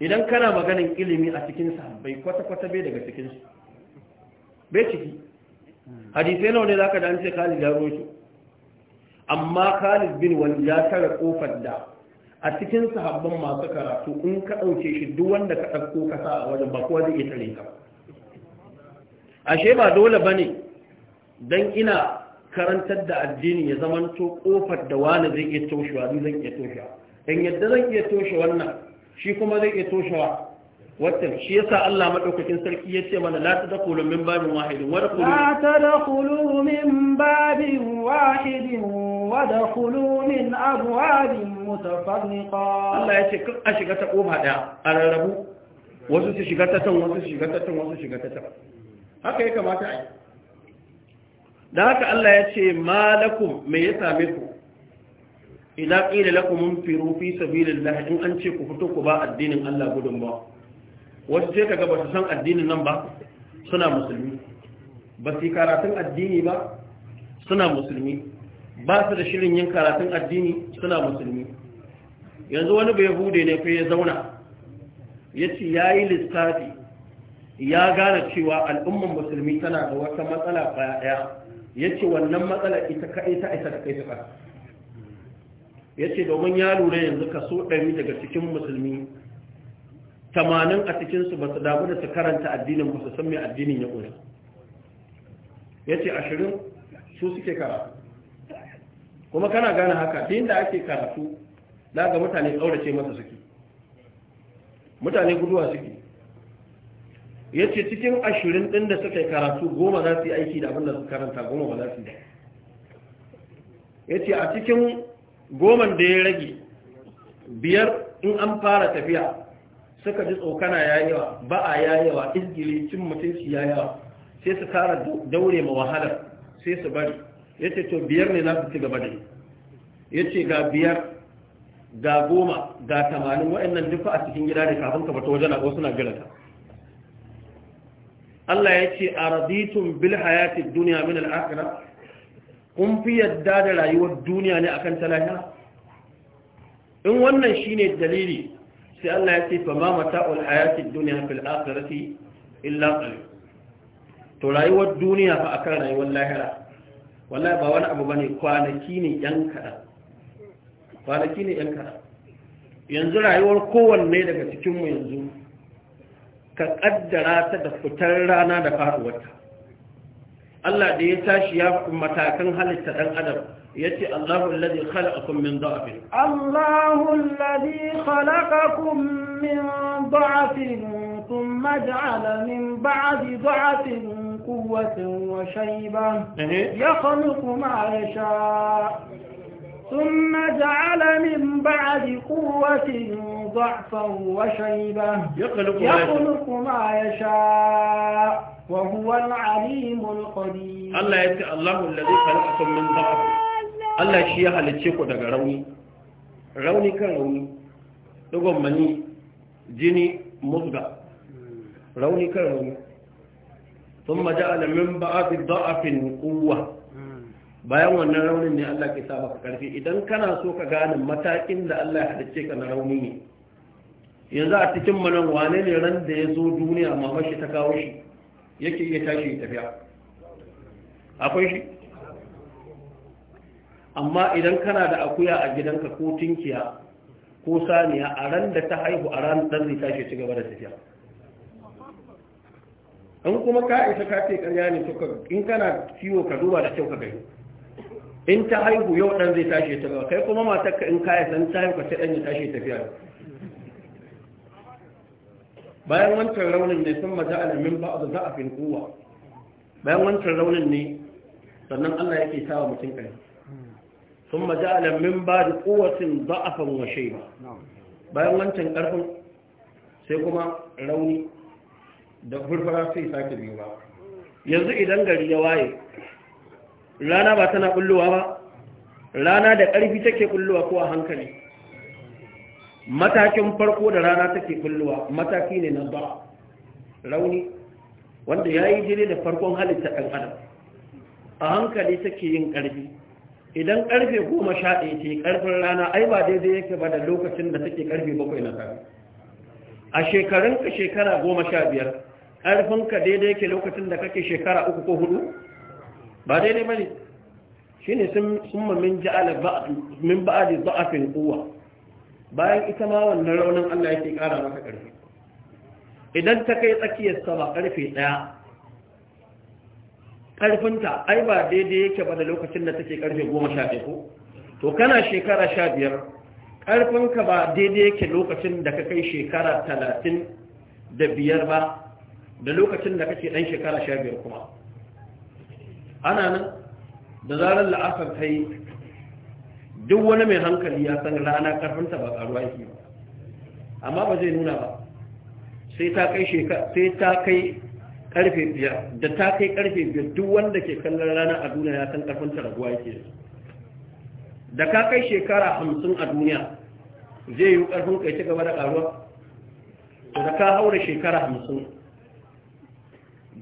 [SPEAKER 2] idan kana maganin ilimi a cikin bai kwata-kwata bai daga cikin su bai ciki hadisai nawa ne zaka da an ce Khalid ya roki amma Khalid bin wani ya tara kofar da a cikin sahabban masu karatu in ka dauke shi duk wanda ka dauko ka sa a wajen ba kowa zai iya tare ka ashe ba dole bane dan ina karantar da addini ya zamanto kofar da wani zai iya toshewa zai zan iya toshewa in yadda zan iya toshe wannan shi kuma zai iya toshewa wata shi yasa Allah madaukakin sarki ya yace mana la tadkhulu min babin wahidin wa tadkhulu
[SPEAKER 1] la tadkhulu min babin wahidin wa tadkhulu min abwabin mutafarriqa Allah ya ce
[SPEAKER 2] kan a shiga ta kofa daya a rarrabu wasu su shiga ta tan wasu su shiga ta tan wasu shiga ta tan haka ya kamata a yi dan haka Allah ya ce malakum me ya same ku idan ƙila lakum firu fi sabilillah in an ce ku fito ku ba addinin Allah gudun ba wasu ce kaga ba su san addinin nan ba suna musulmi ba su karatun addini ba suna musulmi ba su da shirin yin karatun addini suna musulmi yanzu wani bai hude ne fa ya zauna ya ce ya yi lissafi ya gane cewa al'umman musulmi tana da wata matsala ɗaya ya ce wannan matsala ita ka ta isa da kai ta ya ce domin ya lura yanzu ka so ɗari daga cikin musulmi tamanin a cikinsu ba su damu da su karanta addinin ba su san mai addinin ya ƙuri ya ce ashirin su suke karatu kuma kana gane haka din da ake karatu ga mutane ƙaurace masa suke mutane guduwa suke ya ce cikin ashirin ɗin da suka yi karatu goma za su yi aiki da abin da su karanta goma ba za su yi ya ce a cikin goman da ya rage biyar in an fara tafiya suka ji tsokana ya yawa ba a ya yawa izgili cin mutunci ya yawa sai su tara daure ma wahalar sai su bari ya ce to biyar ne za su ci gaba da yi ya ce ga biyar ga goma ga tamanin waɗannan duka a cikin gida da kafin ka ta wajen a suna gilata Allah ya ce a raditun bil hayati duniya min al'akira kun fi yadda da rayuwar duniya ne akan ta in wannan shine dalili sai Allah ya ce fa ma mata'ul hayatid dunya fil akhirati illa qalil to rayuwar duniya fa akan rayuwar lahira wallahi ba wani abu bane kwanaki ne yan kada kwanaki ne yan kada yanzu rayuwar kowanne daga cikin mu yanzu ka kaddara ta da fitar rana da faruwarta Allah da ya tashi ya faɗi matakan halitta ɗan adam ya ce Allahu alladhi khalaqakum min da'afin
[SPEAKER 1] Allahu alladhi khalaqakum min da'afin thumma ja'ala min ba'di da'afin quwwatan wa ya yakhluqu ma yasha ثم جعل من بعد قوة ضعفا وشيبة يخلق ما يشاء وهو العليم القدير الله
[SPEAKER 2] يتي الله الذي خلقكم من ضعف الله شي halicce ku daga rauni rauni kan rauni dugon mani jini musga rauni kan rauni ثم جعل من بعض ضعف قوه bayan wannan raunin ne Allah ke sa maka karfi idan kana so ka gane matakin da Allah ya halicce ka na rauni ne yanzu a cikin manan wane ne ran da ya zo duniya mamashi ta kawo shi yake iya tashi ya tafiya akwai shi amma idan kana da akuya a gidanka ko tinkiya ko saniya a ran da ta haihu a ran dan zai tashi ci gaba da tafiya in kuma ka isa ka ce karya ne in kana ciwo ka duba da kyau ka gani in ta haihu yau dan zai tashi ta gaba kai kuma matarka in ka isa ta haihu ka ce dan ya tashi tafiya bayan wancan raunin ne sun maja alamin ba da za'afin kowa bayan wancan raunin ne sannan Allah yake wa mutum kai sun maja alamin ba da kowacin za'afan washe ba bayan wancan ƙarfin sai kuma rauni da furfura sai sake biyu ba yanzu idan gari ya waye rana ba tana kullowa ba rana da ƙarfi take kullowa ko a hankali matakin farko da rana take kulluwa, mataki ne na ba rauni wanda ya yi jini da farkon halitta ɗan adam a hankali take yin ƙarfi idan ƙarfe goma sha ɗaya ce ƙarfin rana ai ba daidai yake ba da lokacin da take ƙarfe bakwai na safe a shekarun ka shekara goma sha biyar ƙarfin ka daidai yake lokacin da kake shekara uku ko hudu ba daidai ba ne shi ne sun mamin ba'adin ba'afin kowa bayan ita ma wannan raunin Allah yake ƙara maka ƙarfi idan ta kai tsakiyar sama ƙarfe ɗaya ƙarfinta ai ba daidai yake ba da lokacin da take ƙarfe goma sha ɗaya ko to kana shekara sha biyar ƙarfinka ba daidai yake lokacin da ka kai shekara talatin da biyar ba da lokacin da kake ɗan shekara sha biyar kuma ana nan da zarar la'asar ta yi duk wani mai hankali ya san rana karfinta ba karuwa yake ba amma ba zai nuna ba sai ta kai sai ta kai karfe biyar da ta kai karfe biyar duk wanda ke kallon rana a duniya ya san karfinta raguwa yake da ka kai shekara hamsin a duniya zai yi karfin kai ci gaba da karuwa da ka haura shekara hamsin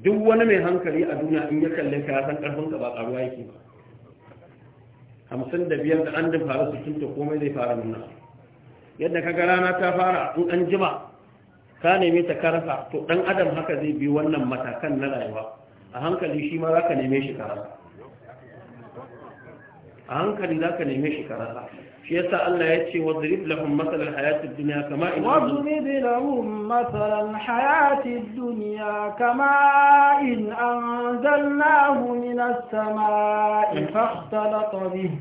[SPEAKER 2] duk wani mai hankali a duniya in ya kalle ka ya san karfin ka ba karuwa yake ba hamsin da biyar da an da faru su tunta komai zai fara nuna yadda ka ga rana ta fara in an jima ka neme ta karasa to dan adam haka zai bi wannan matakan na rayuwa a hankali shi ma zaka neme shi karasa a hankali zaka neme shi karasa shi yasa Allah ya ce wadrib lahum masalan hayatid dunya kama in wadrib
[SPEAKER 1] lahum masalan hayatid dunya kama in anzalnahu minas samaa'i fakhtalata bihi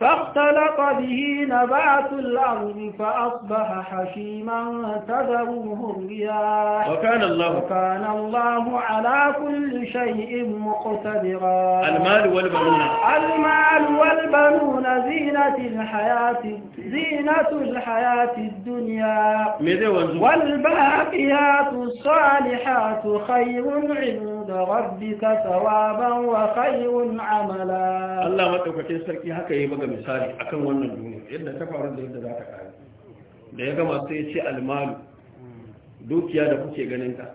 [SPEAKER 1] فاختلط به نبات الأرض فأصبح حشيما تذره الرياح وكان الله وكان الله على كل شيء مقتدرا المال والبنون المال والبنون زينة الحياة زينة الحياة الدنيا والباقيات الصالحات خير عند عند ربك ثوابا وخير عملا الله
[SPEAKER 2] ما توكين sarki haka yi baga misali akan wannan duniya yadda ta faru da yadda za ta kare da ya gama sai ya ce almalu dukiya da kuke ganin ta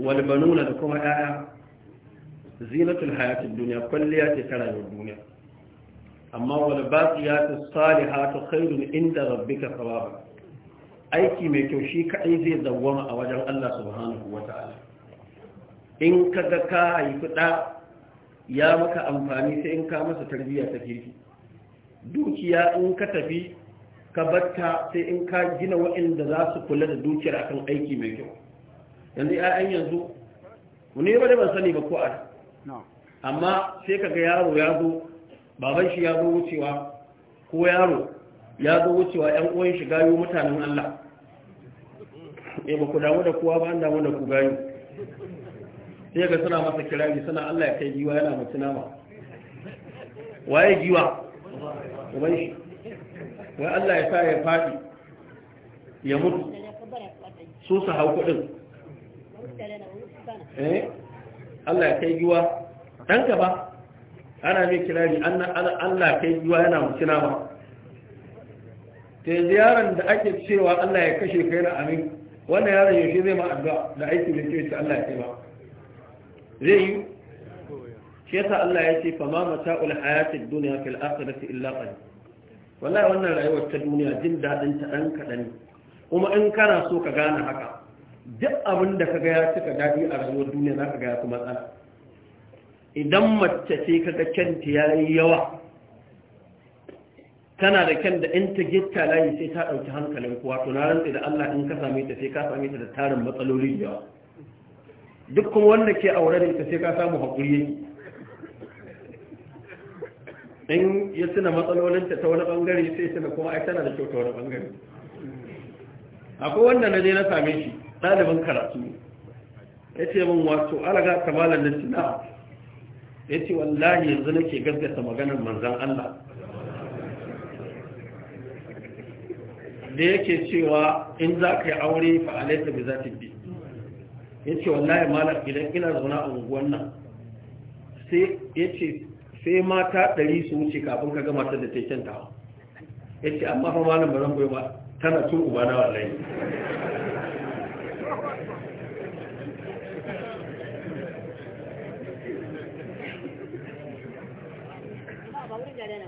[SPEAKER 2] wal banuna da kuma ƴaƴa zinatul hayatid dunya kulliya ce ta rayuwar duniya amma wal baqiyatus salihatu khairun inda rabbika thawaban aiki mai kyau shi kaɗai zai dawwama a wajen Allah subhanahu wataala in ka ga ka haifi ɗa ya maka amfani sai in ka masa tarbiyya ta kirki dukiya in ka tafi ka batta sai in ka gina waɗanda za su kula da dukiyar akan aiki mai kyau yanzu ya'yan yanzu wani ba da ban sani ba ko a amma sai ka ga yaro ya zo baban shi ya zo wucewa ko yaro ya zo wucewa yan uwan shi gayo mutanen Allah eh ba ku damu da kowa ba an damu da ku gayo sai ga suna masa kirari suna Allah ya kai giwa yana mutu nama waye giwa wai shi wai Allah ya sa ya faɗi ya mutu su su hau kuɗin eh Allah ya kai giwa dan gaba ana mai kirari Allah ya kai giwa yana mutu nama ta ziyarar da ake cewa Allah ya kashe kai na amin wannan yaron yaushe zai ma addu'a da aiki da ke Allah ya kai ba zai yi shi yasa Allah ya ce fa ma mata'ul hayatid dunya fil akhirati illa qalil wallahi wannan rayuwar ta duniya jin dadin ta dan kadan kuma in kana so ka gane haka duk abin da kaga ya cika dadi a rayuwar duniya zaka ga ya kuma tsara idan mace ce kaga ya yayi yawa tana da kyan da in ta gitta layi sai ta dauki hankalin kuwa, to na rantsi da Allah in ka same ta sai ka same ta da tarin matsaloli da yawa duk kuma wanda ke aure da ita sai ka samu haƙuri yake in ya tuna matsalolinta ta wani ɓangare sai tuna kuma ai tana da kyau ta wani ɓangare akwai wanda na je na same shi ɗalibin karatu ya ce min wato alaga ta malar da tuna ya ce wallahi yanzu nake gaskata maganar manzan Allah da yake cewa in za ka yi aure fa alaita bi za ta ya ce wallahi malar idan ina zauna a unguwan nan sai ya ce sai mata ɗari su wuce kafin ka gama da ta kyanta ya ce amma fa malam ba zan ba tana tun uba na wallahi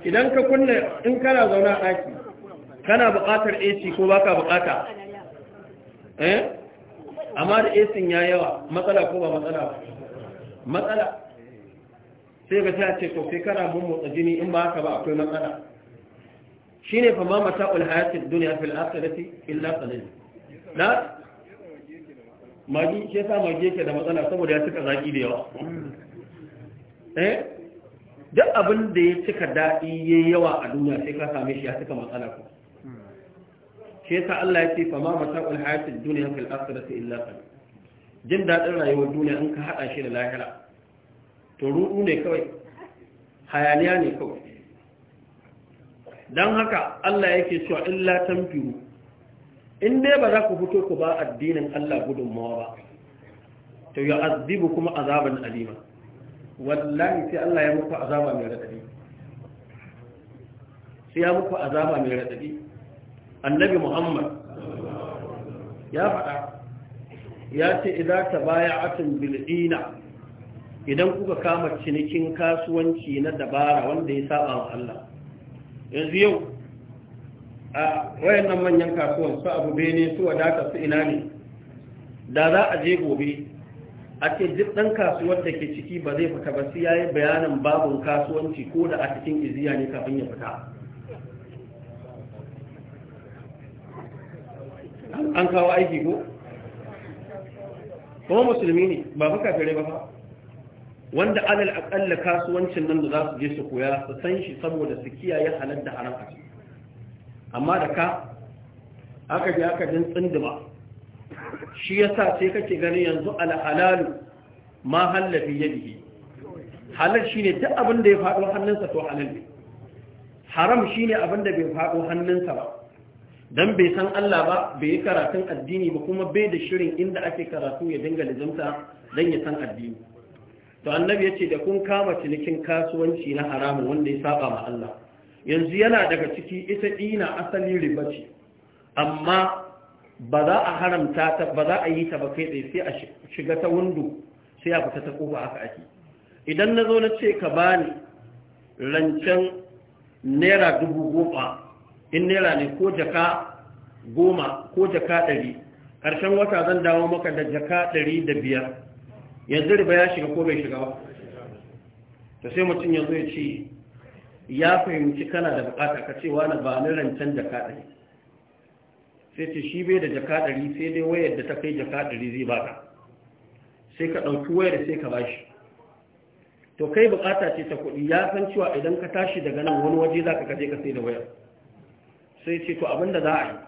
[SPEAKER 2] idan ka kunna in kana zauna a ɗaki kana buƙatar ac ko baka buƙata eh amma da esin ya yawa matsala ko ba matsala ba matsala sai ga ta ce kofi sai kana mun motsa jini in ba haka ba akwai matsala shi fa fama mata ulhayatun duniya fil asirati illa qalil na magi shi sa magi yake da matsala saboda ya cika zaki da yawa eh duk abin da ya cika daɗi ya yawa a duniya sai ka same shi ya cika matsala ko shi yasa Allah ya ce fa ma mata'ul hayatid dunya fil akhirati illa qalil jin dadin rayuwar duniya in ka hada shi da lahira to rudu ne kawai hayaniya ne kawai dan haka Allah yake cewa illa tanfiru in dai ba za ku fito ku ba addinin Allah gudunmawa ba to ya azibu kuma azaban alima wallahi sai Allah ya muku azaba mai radadi sai ya muku azaba mai radadi annabi muhammad ya faɗa ya ce idan ta baya atin bil'ina idan kuka kama cinikin kasuwanci na dabara wanda ya saba wa Allah yanzu yau a wayannan manyan kasuwan su abu bene su wadata su ina ne da za a je gobe a ce duk ɗan kasuwar da ke ciki ba zai fita ba su yayi bayanin babun kasuwanci ko da a cikin iziya ne kafin ya fita an kawo aiki ko kuma musulmi ne ba fa kafirai ba fa wanda alal akalla kasuwancin nan da za su je su koya su san shi saboda su kiyaye halar da haram a amma da ka aka ji aka jin tsindima shi ya sa sai kake ganin yanzu alhalalu ma hallafi Halar shi ne duk abin da ya faɗo hannunsa to halal ne haram ne abin da bai faɗo hannunsa ba dan bai san Allah ba bai yi karatun addini ba kuma bai da shirin inda ake karatu ya dinga lizamta dan ya san addini to annabi ce da kun kama cinikin kasuwanci na haramun wanda ya saba ma Allah yanzu yana daga ciki ita dina asali riba ce amma ba za a haramta ta ba za a yi ta ba kai tsaye sai a shiga ta wundu sai a fita ta kofa haka ake idan na zo na ce ka bani rancen naira dubu goma in naira ne ko jaka goma ko jaka ɗari ƙarshen wata zan dawo maka da jaka ɗari da biyar yanzu riba ya shiga ko bai shiga ba ta sai mutum yanzu ya ce ya fahimci kana da bukata ka ce wani ba ni rancen jaka ɗari sai ce shi bai da jaka ɗari sai dai wayar da ta kai jaka ɗari zai ba ka, sai ka ɗauki wayar sai ka bashi to kai bukata ce ta kuɗi ya san cewa idan ka tashi daga nan wani waje za ka kaje ka sai da wayar sai ce to abinda za a yi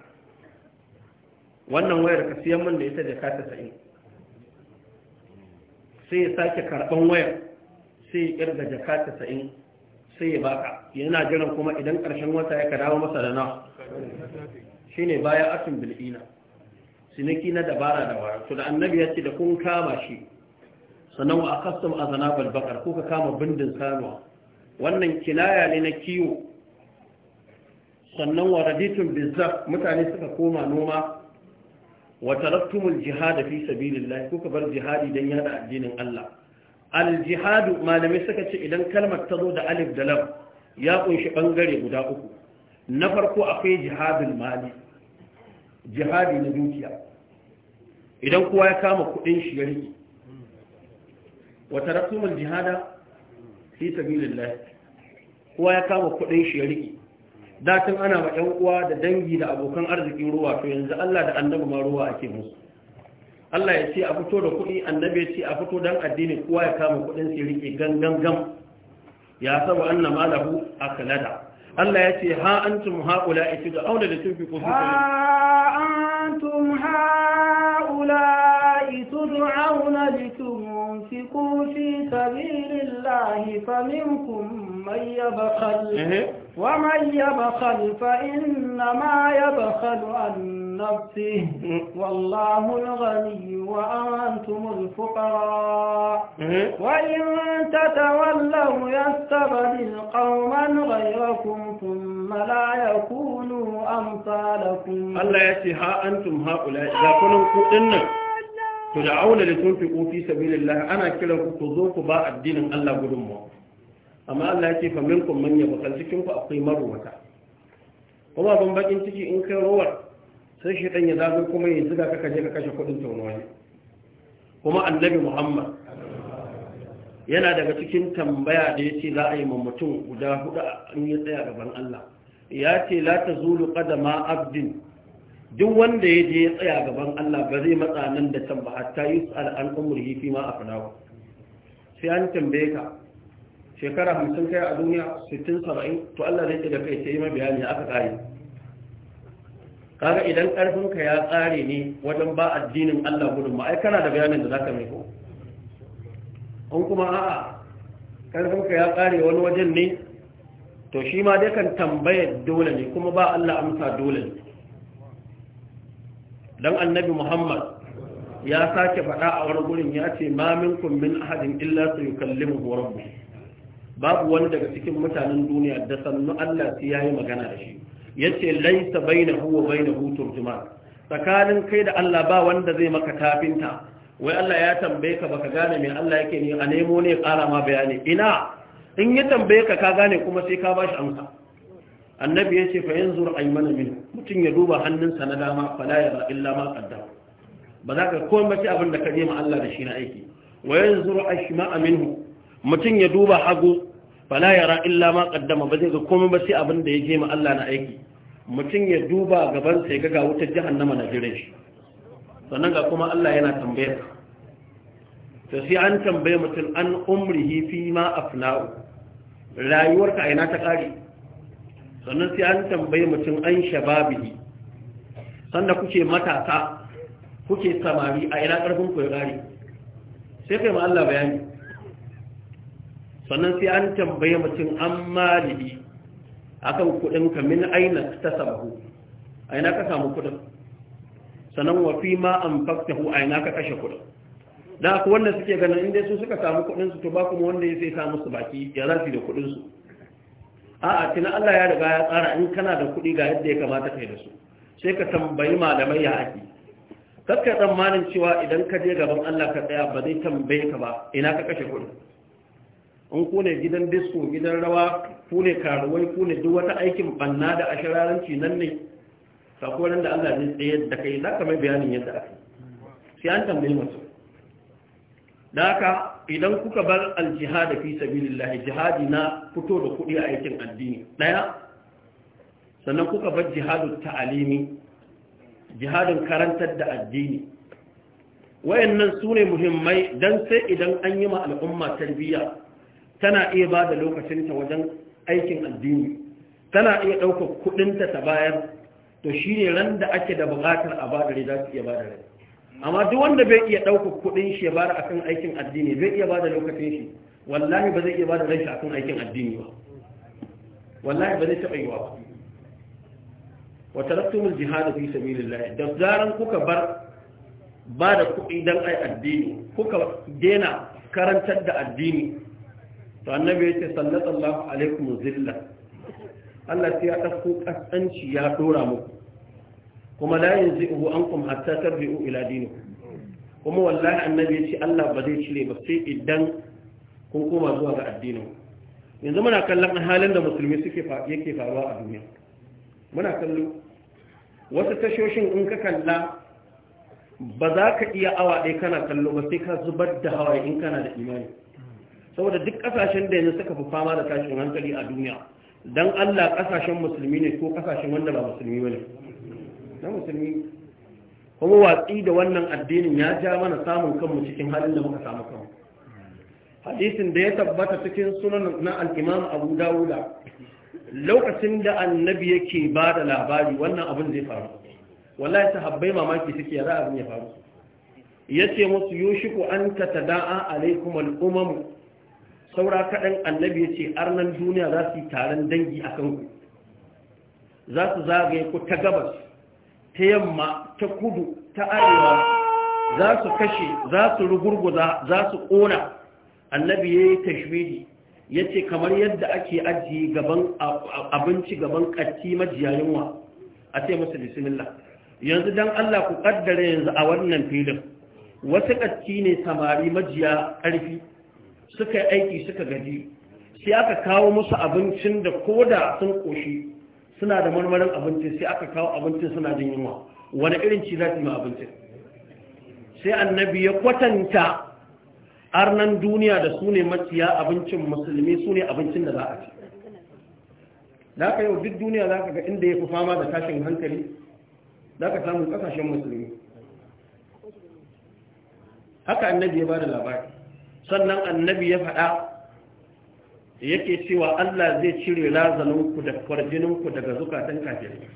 [SPEAKER 2] wannan wayar ka siyan min da ita da kata sa'in. sai ya sake karɓan wayar sai ya ƙirga jaka sa'in sai ya baka yana jiran kuma idan ƙarshen wata ya dawo masa da na shi ne bayan asin bil'ina siniki na dabara da wara to da annabi ya ce da kun kama shi sannan wa a azana balbakar kuka kama bindin sanuwa wannan kinaya ne na kiwo sannan wa raditun bizzaf mutane suka koma noma wa taraktumul jihad fi sabilillah kuka bar jihadi dan yada addinin Allah al jihad malamai suka ce idan kalmar ta zo da alif da lam ya kunshi bangare guda uku na farko akwai jihadul mali jihadi na dukiya idan kowa ya kama kudin shi ya riki wa taraktumul jihada fi sabilillah kowa ya kama kudin shi ya riki Da tun ana ma ƴan uwa da dangi da abokan arzikin ruwa to yanzu Allah da annabi ma ruwa ake musu Allah ya ce a fito da kuɗi annabi ya ce a fito dan addini kowa ya kama kuɗin sai rike gangan gam ya saba anna malahu kanada." Allah ya ce ha antum haula itiga aula da tunfiqu
[SPEAKER 1] fi ha antum haula تدعون لتنفقوا في fi sabilillahi فمنكم man yabqal ومن يبخل فإنما يبخل عن نفسه والله الغني وأنتم الفقراء وإن تتولوا يستبدل قوما غيركم ثم لا يكونوا أمثالكم
[SPEAKER 2] الله يأتي ها أنتم هؤلاء إذا كنوا قلنا تدعون لتنفقوا في سبيل الله أنا كلكم تذوقوا باء الدين الله قدمه amma Allah ya ce fa minkum man yabqa cikin ku akwai marwata kuma ban bakin ciki in kai rowar sai shi ya zago kuma ya zuga ka kaje ka kashe kudin taunawa kuma annabi Muhammad yana daga cikin tambaya da yace za a yi ma mutum guda hudu an yi tsaya gaban Allah ya ce la tazulu qadama abdin duk wanda ya je ya tsaya gaban Allah ba zai matsa nan da tambaya ta yi al'an fi ma afnawo sai an tambaye ka shekara hamsin kai a duniya sittin saba'in to Allah zai ce da kai sai mabiya bayani aka tsari kaga idan karfin ka ya tsare ne wajen ba addinin Allah gudun ai kana da bayanin da ka mai ko an kuma a'a karfin ka ya tsare wani wajen ne to shi ma dai kan tambaye dole ne kuma ba Allah amsa dole ne dan annabi Muhammad ya sake faɗa a wani gurin ya ce ma minkum min ahadin illa sayukallimuhu rabbuh babu wani daga cikin mutanen duniya da sannu Allah sai yayi magana da shi yace laisa bainahu wa bainahu turjuman tsakanin kai da Allah ba wanda zai maka kafinta. wai Allah ya tambaye ka baka gane me Allah yake ni? a nemo ne ƙara ma bayani ina in ya tambaye ka ka gane kuma sai ka bashi amsa annabi yace fa yanzur aymana min mutun ya duba hannunsa na dama fa fala yara illa ma qaddama ba za ka komai abin da ka je ma Allah da shi na aiki wa yanzur ashma'a minhu mutum ya duba hagu ba la yara illa ma kaddama ba zai ga komai ba sai abin da ya je ma Allah na aiki mutum ya duba gaban sai ga wutar jahannama na jire shi sannan ga kuma Allah yana tambaya to sai an tambaye mutum an umrihi fi ma afna'u rayuwarka a ina ta kare sannan sai an tambaye mutum an shababihi sanda kuke matasa kuke samari a ina karfin ku ya kare sai kai ma Allah bayani sannan sai an tambaye mutum an malibi kan kudin kamin min aina ta sabahu aina ka samu kudin sannan wa fi ma an faktahu aina ka kashe kudin da aka wanda suke ganin inda su suka samu kudin su to ba kuma wanda ya sai samu su baki ya zafi da kudin su a'a tuna Allah ya riga ya tsara in kana da kudi ga yadda ya kamata kai da su sai ka tambayi malamai ya ake kakka tsammanin cewa idan ka je gaban Allah ka tsaya ba zai tambaye ka ba ina ka kashe kudin in ku gidan disko gidan rawa ku ne karuwai ku ne duk wata aikin banna da ashiraranci nan ne sakonan da Allah ne tsaye da kai za ka mai bayanin yadda aka sai an tambaye masu da haka idan kuka bar aljihada fi sabilillahi jihadi na fito da kuɗi a aikin addini ɗaya sannan kuka bar jihadu ta'alimi jihadin karantar da addini wayannan su ne muhimmai dan sai idan an yi ma al'umma tarbiyya tana iya ba da lokacinta wajen aikin addini tana iya ɗaukar kuɗinta ta bayar to shi ne ran da ake da buƙatar a ba rai za su iya da rai amma duk wanda bai iya ɗaukar kuɗin shi ya ba da akan aikin addini bai iya ba da lokacin shi wallahi ba zai iya ba da rai shi akan aikin addini ba wallahi ba zai taɓa yi ba wa taraktumul jihad fi sabilillah da zaran kuka bar ba da kuɗi don ai addini kuka dena karantar da addini to annabi yace sallallahu alaikum zilla Allah sai ya dauko kasanci ya dora muku kuma la yanzihu ankum hatta tarji'u ila dinikum kuma wallahi annabi yace Allah ba zai cire ba sai idan kun koma zuwa ga addinin yanzu muna kallon halin da musulmi suke yake faruwa a duniya muna kallon. wasu tashoshin in ka kalla ba za ka iya awa ɗaya kana kallo ba sai ka zubar da hawaye in kana da imani saboda duk kasashen da yanzu suka fi fama da tashin hankali a duniya don Allah kasashen musulmi ne ko kasashen wanda ba musulmi ne? na musulmi kuma watsi da wannan addinin ya ja mana samun kanmu cikin halin da muka samu kanmu hadisin da ya tabbata cikin sunan na al Abu dawuda lokacin da annabi yake ba da labari wannan abin zai faru wallahi sahabbai mamaki suke yara abin ya faru yace musu yushiku an tatada'a alaikum al saura kaɗan annabi ya ce arnan duniya za su yi taron dangi a kanku za su zagaye ku ta gabas ta yamma ta kudu ta arewa za su kashe za su rugurguza za su ƙona annabi ya yi ya ce kamar yadda ake ajiye gaban abinci gaban ƙarfi majiya yunwa a ce masa bismillah yanzu don allah ku ƙaddara yanzu a wannan filin wasu ƙarti ne samari majiya ƙarfi suka yi aiki suka gaji sai aka kawo musu abincin da koda sun koshi suna da marmarin abincin sai aka kawo abincin suna jin yunwa wani irin ci za su yi abincin sai annabi ya kwatanta arnan duniya da su ne maciya abincin musulmi su ne abincin da za a ci da aka yau duk duniya za ka ga inda ya fi fama da tashin hankali za ka samu kasashen musulmi haka annabi ya ba da labari sannan annabi ya faɗa yake cewa Allah zai cire lazaninku da kwarjininku daga zukatan kafirai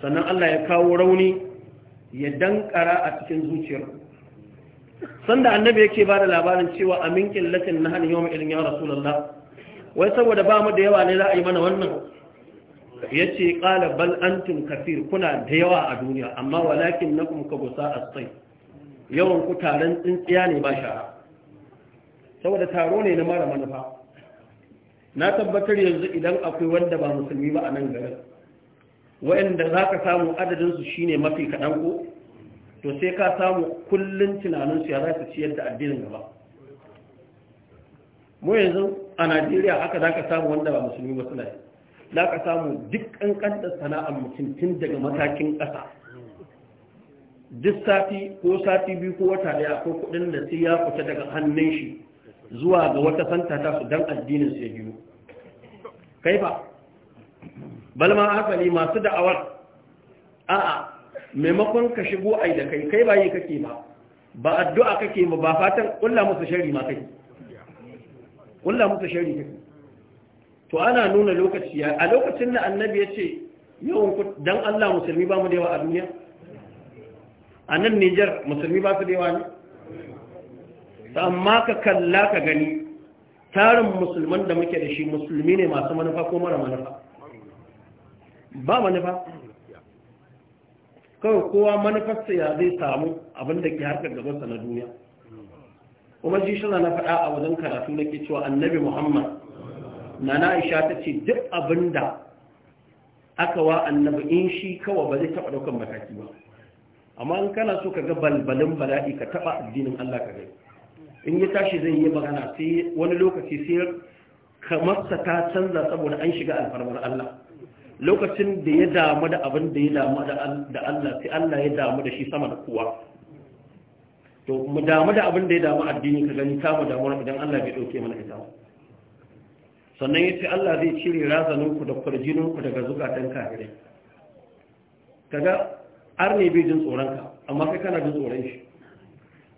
[SPEAKER 2] sannan Allah ya kawo rauni ya dankara a cikin zuciyar sanda annabi yake ba da labarin cewa amin killatin na hannun yawon ilin ya rasulallah wai saboda ba mu da yawa ne za a yi mana wannan ya ce ƙala bal antum kafir kuna da yawa a duniya amma walakin na kuma ka gusa a yawan ku taron tsintsiya ne ba shara saboda taro ne na mara manufa na tabbatar yanzu idan akwai wanda ba musulmi ba a nan garin wa'anda za ka samu adadinsu shine mafi kaɗan ko to sai ka samu kullum tunaninsu ya za su ciyar da addinin gaba mu yanzu a najeriya haka za ka samu wanda ba musulmi ba suna yi za ka samu duk ƙanƙantar sana'ar mutum tun daga matakin ƙasa duk sati ko sati biyu ko wata daya ko kuɗin da sai ya fita daga hannun shi zuwa ga wata santa ta su dan addinin su ya biyu kai ba balma asali masu da'awar a'a maimakon ka shigo ai da kai kai ba yi kake ba ba addu'a kake ba ba fatan kulla musu shari ma kai kulla musu shari kake to ana nuna lokaci a lokacin da annabi ya ce yawan dan Allah musulmi ba mu da yawa a duniya a nan Nijar musulmi ba su da yawa ne amma ka kalla ka gani tarin musulman da muke da shi musulmi ne masu manufa ko mara manufa ba manufa kawai kowa manufarsa ya zai samu abin da ke harkar gabansa na duniya kuma shi shi na faɗa a wajen karatu na ke cewa annabi muhammad na na'isha ta ce duk abinda aka wa annabi in shi kawai ba zai taɓa ɗaukan mataki ba amma in kana so ka ga balbalin bala'i ka taɓa addinin allah ka gani in ya tashi zai yi magana sai wani lokaci sai kamarsa ta canza saboda an shiga alfarmar Allah lokacin da ya damu da abin da ya damu da Allah sai Allah ya damu da shi sama da kowa to mu damu da abin da ya damu addini ka gani ta mu damu idan Allah bai dauke mana ita sannan ya ce Allah zai cire razaninku da kwarjininku daga zukatan kafirai kaga arne bai jin tsoronka amma kai kana jin tsoron shi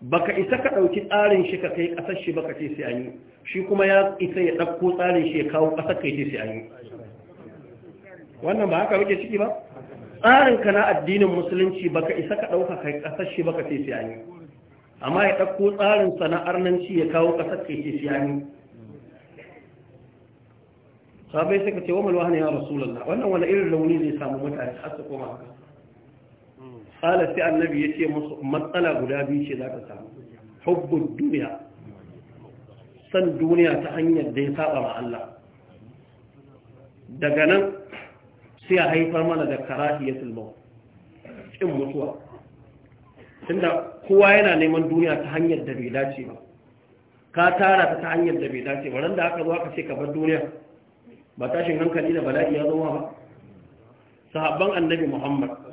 [SPEAKER 2] baka isa ka ɗauki tsarin shi ka kai kasar shi baka ce sai an yi shi kuma ya isa ya ɗauko tsarin shi ya kawo ƙasar kai ce sai an yi wannan ba haka muke ciki ba tsarin ka na addinin musulunci baka isa ka ɗauka kai kasar shi baka ce sai an yi amma ya ɗauko tsarin sana'ar nan shi ya kawo ƙasar kai ce sai an yi sabai ka ce wa malwa ne ya rasulullah wannan wani irin rauni zai samu mutane har su koma haka ƙala sai annabi ya ce musu matsala guda biyu ce za ta samu hubbun duniya san duniya ta hanyar da ya saba ma Allah daga nan sai ya haifar mana da karahiyatul maut cin mutuwa tunda kowa yana neman duniya ta hanyar da bai dace ba ka tara ta ta hanyar da bai dace ba da aka zo aka ce ka bar duniya ba tashin hankali da bala'i ya zo ba sahabban annabi Muhammad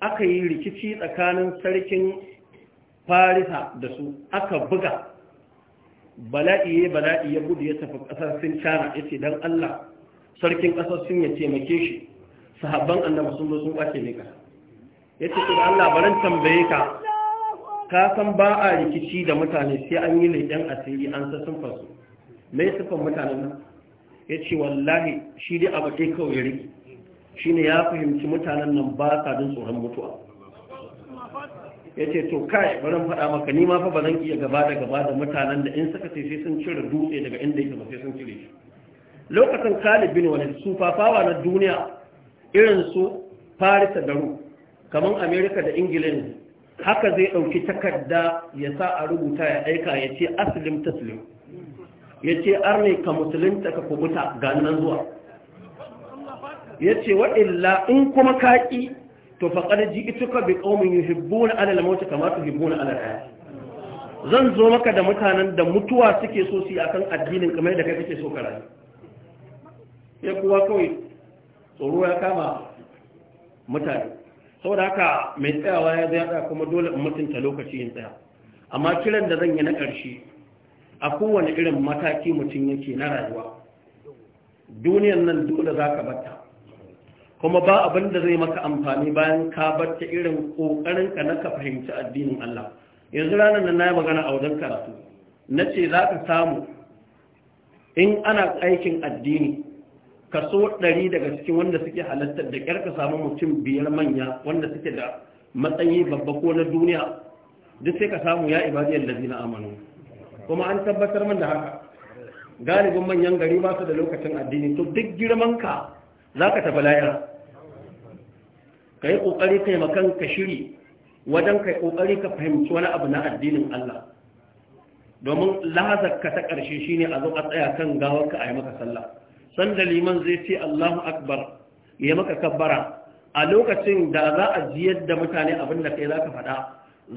[SPEAKER 2] aka yi rikici tsakanin sarkin farisa da su aka buga bala'i ya bala'i ya gudu ya tafi ƙasar sin cana ya ce don allah sarkin ƙasar sin ya taimake shi sahabban annaba sun zo sun kwace ne ka. ya ce da allah barin tambaye ka ka san ba a rikici da mutane sai an yi laifin asiri an sun fasu mai siffan mutanen nan ya ce wallahi shi dai a bakai kawai ya riƙe shine ya fahimci mutanen nan ba sa jin tsoron mutuwa ya ce to kai barin faɗa maka nima ma fa ba zan iya gaba da gaba da mutanen da in suka ce sai sun cire dutse daga inda yake sai sun cire shi lokacin kalib bin Walid su fafawa na duniya irin su Paris da Ru kamar America da England haka zai ɗauki takarda ya sa a rubuta ya aika ya ce aslim taslim ya ce arne ka musulunta ka kubuta ga nan zuwa yace wa illa in kuma kaki to faqad ji'tuka bi qaumin yuhibbuna ala al-maut kamar su ala al-hayat zan zo maka da mutanen da mutuwa suke so su yi akan addinin kamar da kai kake so ka rayu ya kuwa kawai tsoro ya kama mutane saboda haka mai tsayawa ya zai kuma dole in mutunta lokaci yin tsaya amma kiran da zan yi na ƙarshe a kowane irin mataki mutum yake na rayuwa duniyan nan dole za ka bata kuma ba abin da zai maka amfani bayan ka barta irin ka na ka fahimci addinin Allah yanzu ranar nan na yi magana a wajen karatu na ce za ka samu in ana aikin addini kaso ɗari daga cikin wanda suke halartar da ƙyar ka samu mutum biyar manya wanda suke da matsayi babba ko na duniya duk sai ka samu ya ibadiyar da zina amanu kuma an tabbatar min da haka galibin manyan gari ba su da lokacin addini to duk girman ka za ka tafi ka yi ƙoƙari kai makan ka shiri wajen yi ƙoƙari ka fahimci wani abu na addinin Allah domin lahazarka ka ta ƙarshe shine a zo a tsaya kan gawar ka a yi maka sallah san da liman zai ce Allahu akbar ya maka kabbara a lokacin da za a jiyar da mutane abin da kai za ka faɗa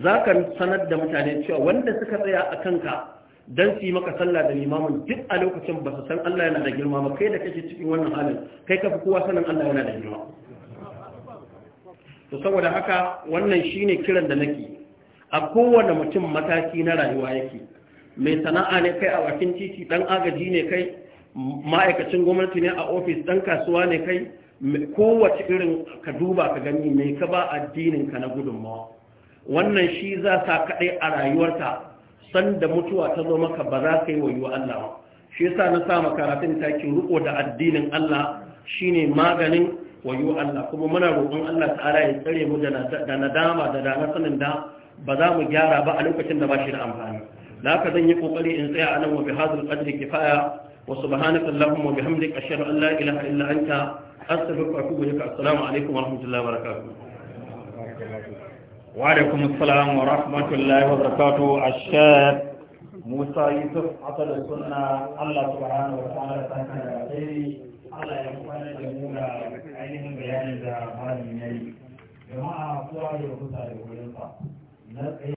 [SPEAKER 2] za ka sanar da mutane cewa wanda suka tsaya a kanka don su yi maka sallah da limamin duk a lokacin ba su san Allah yana da girma ba kai da kake cikin wannan halin kai ka fi kowa sanin Allah yana da girma to saboda haka wannan shine kiran da nake a kowane mutum mataki na rayuwa yake mai sana'a ne kai a bakin titi dan agaji ne kai ma'aikacin gwamnati ne a ofis dan kasuwa ne kai kowace irin ka duba ka gani mai ka ba addinin ka na gudunmawa wannan shi za sa kaɗai a rayuwarka sanda mutuwa ta zo maka ba za ka yi wa Allah shi yasa na sa makaratun takin riko da addinin Allah shine maganin wayo Allah kuma muna roƙon Allah ta'ala ya tsare mu da nadama da da sanin da ba za mu gyara ba a lokacin da ba shi da amfani da ka zan yi kokari in tsaya anan wa bihadhal qadri kifaya wa subhanaka allahumma wa bihamdika ashhadu an la ilaha illa anta astaghfiruka wa atubu ilaik assalamu alaikum wa rahmatullahi wa barakatuh wa alaikum assalam wa rahmatullahi wa barakatuh ashhad Musa Yusuf asalin sunna Allah subhanahu wa ta'ala ta kana Allah ya kwana da mu ainihin bayanin da malamin ya yi jama'a kowa ya kusa da wurinsa na tsaye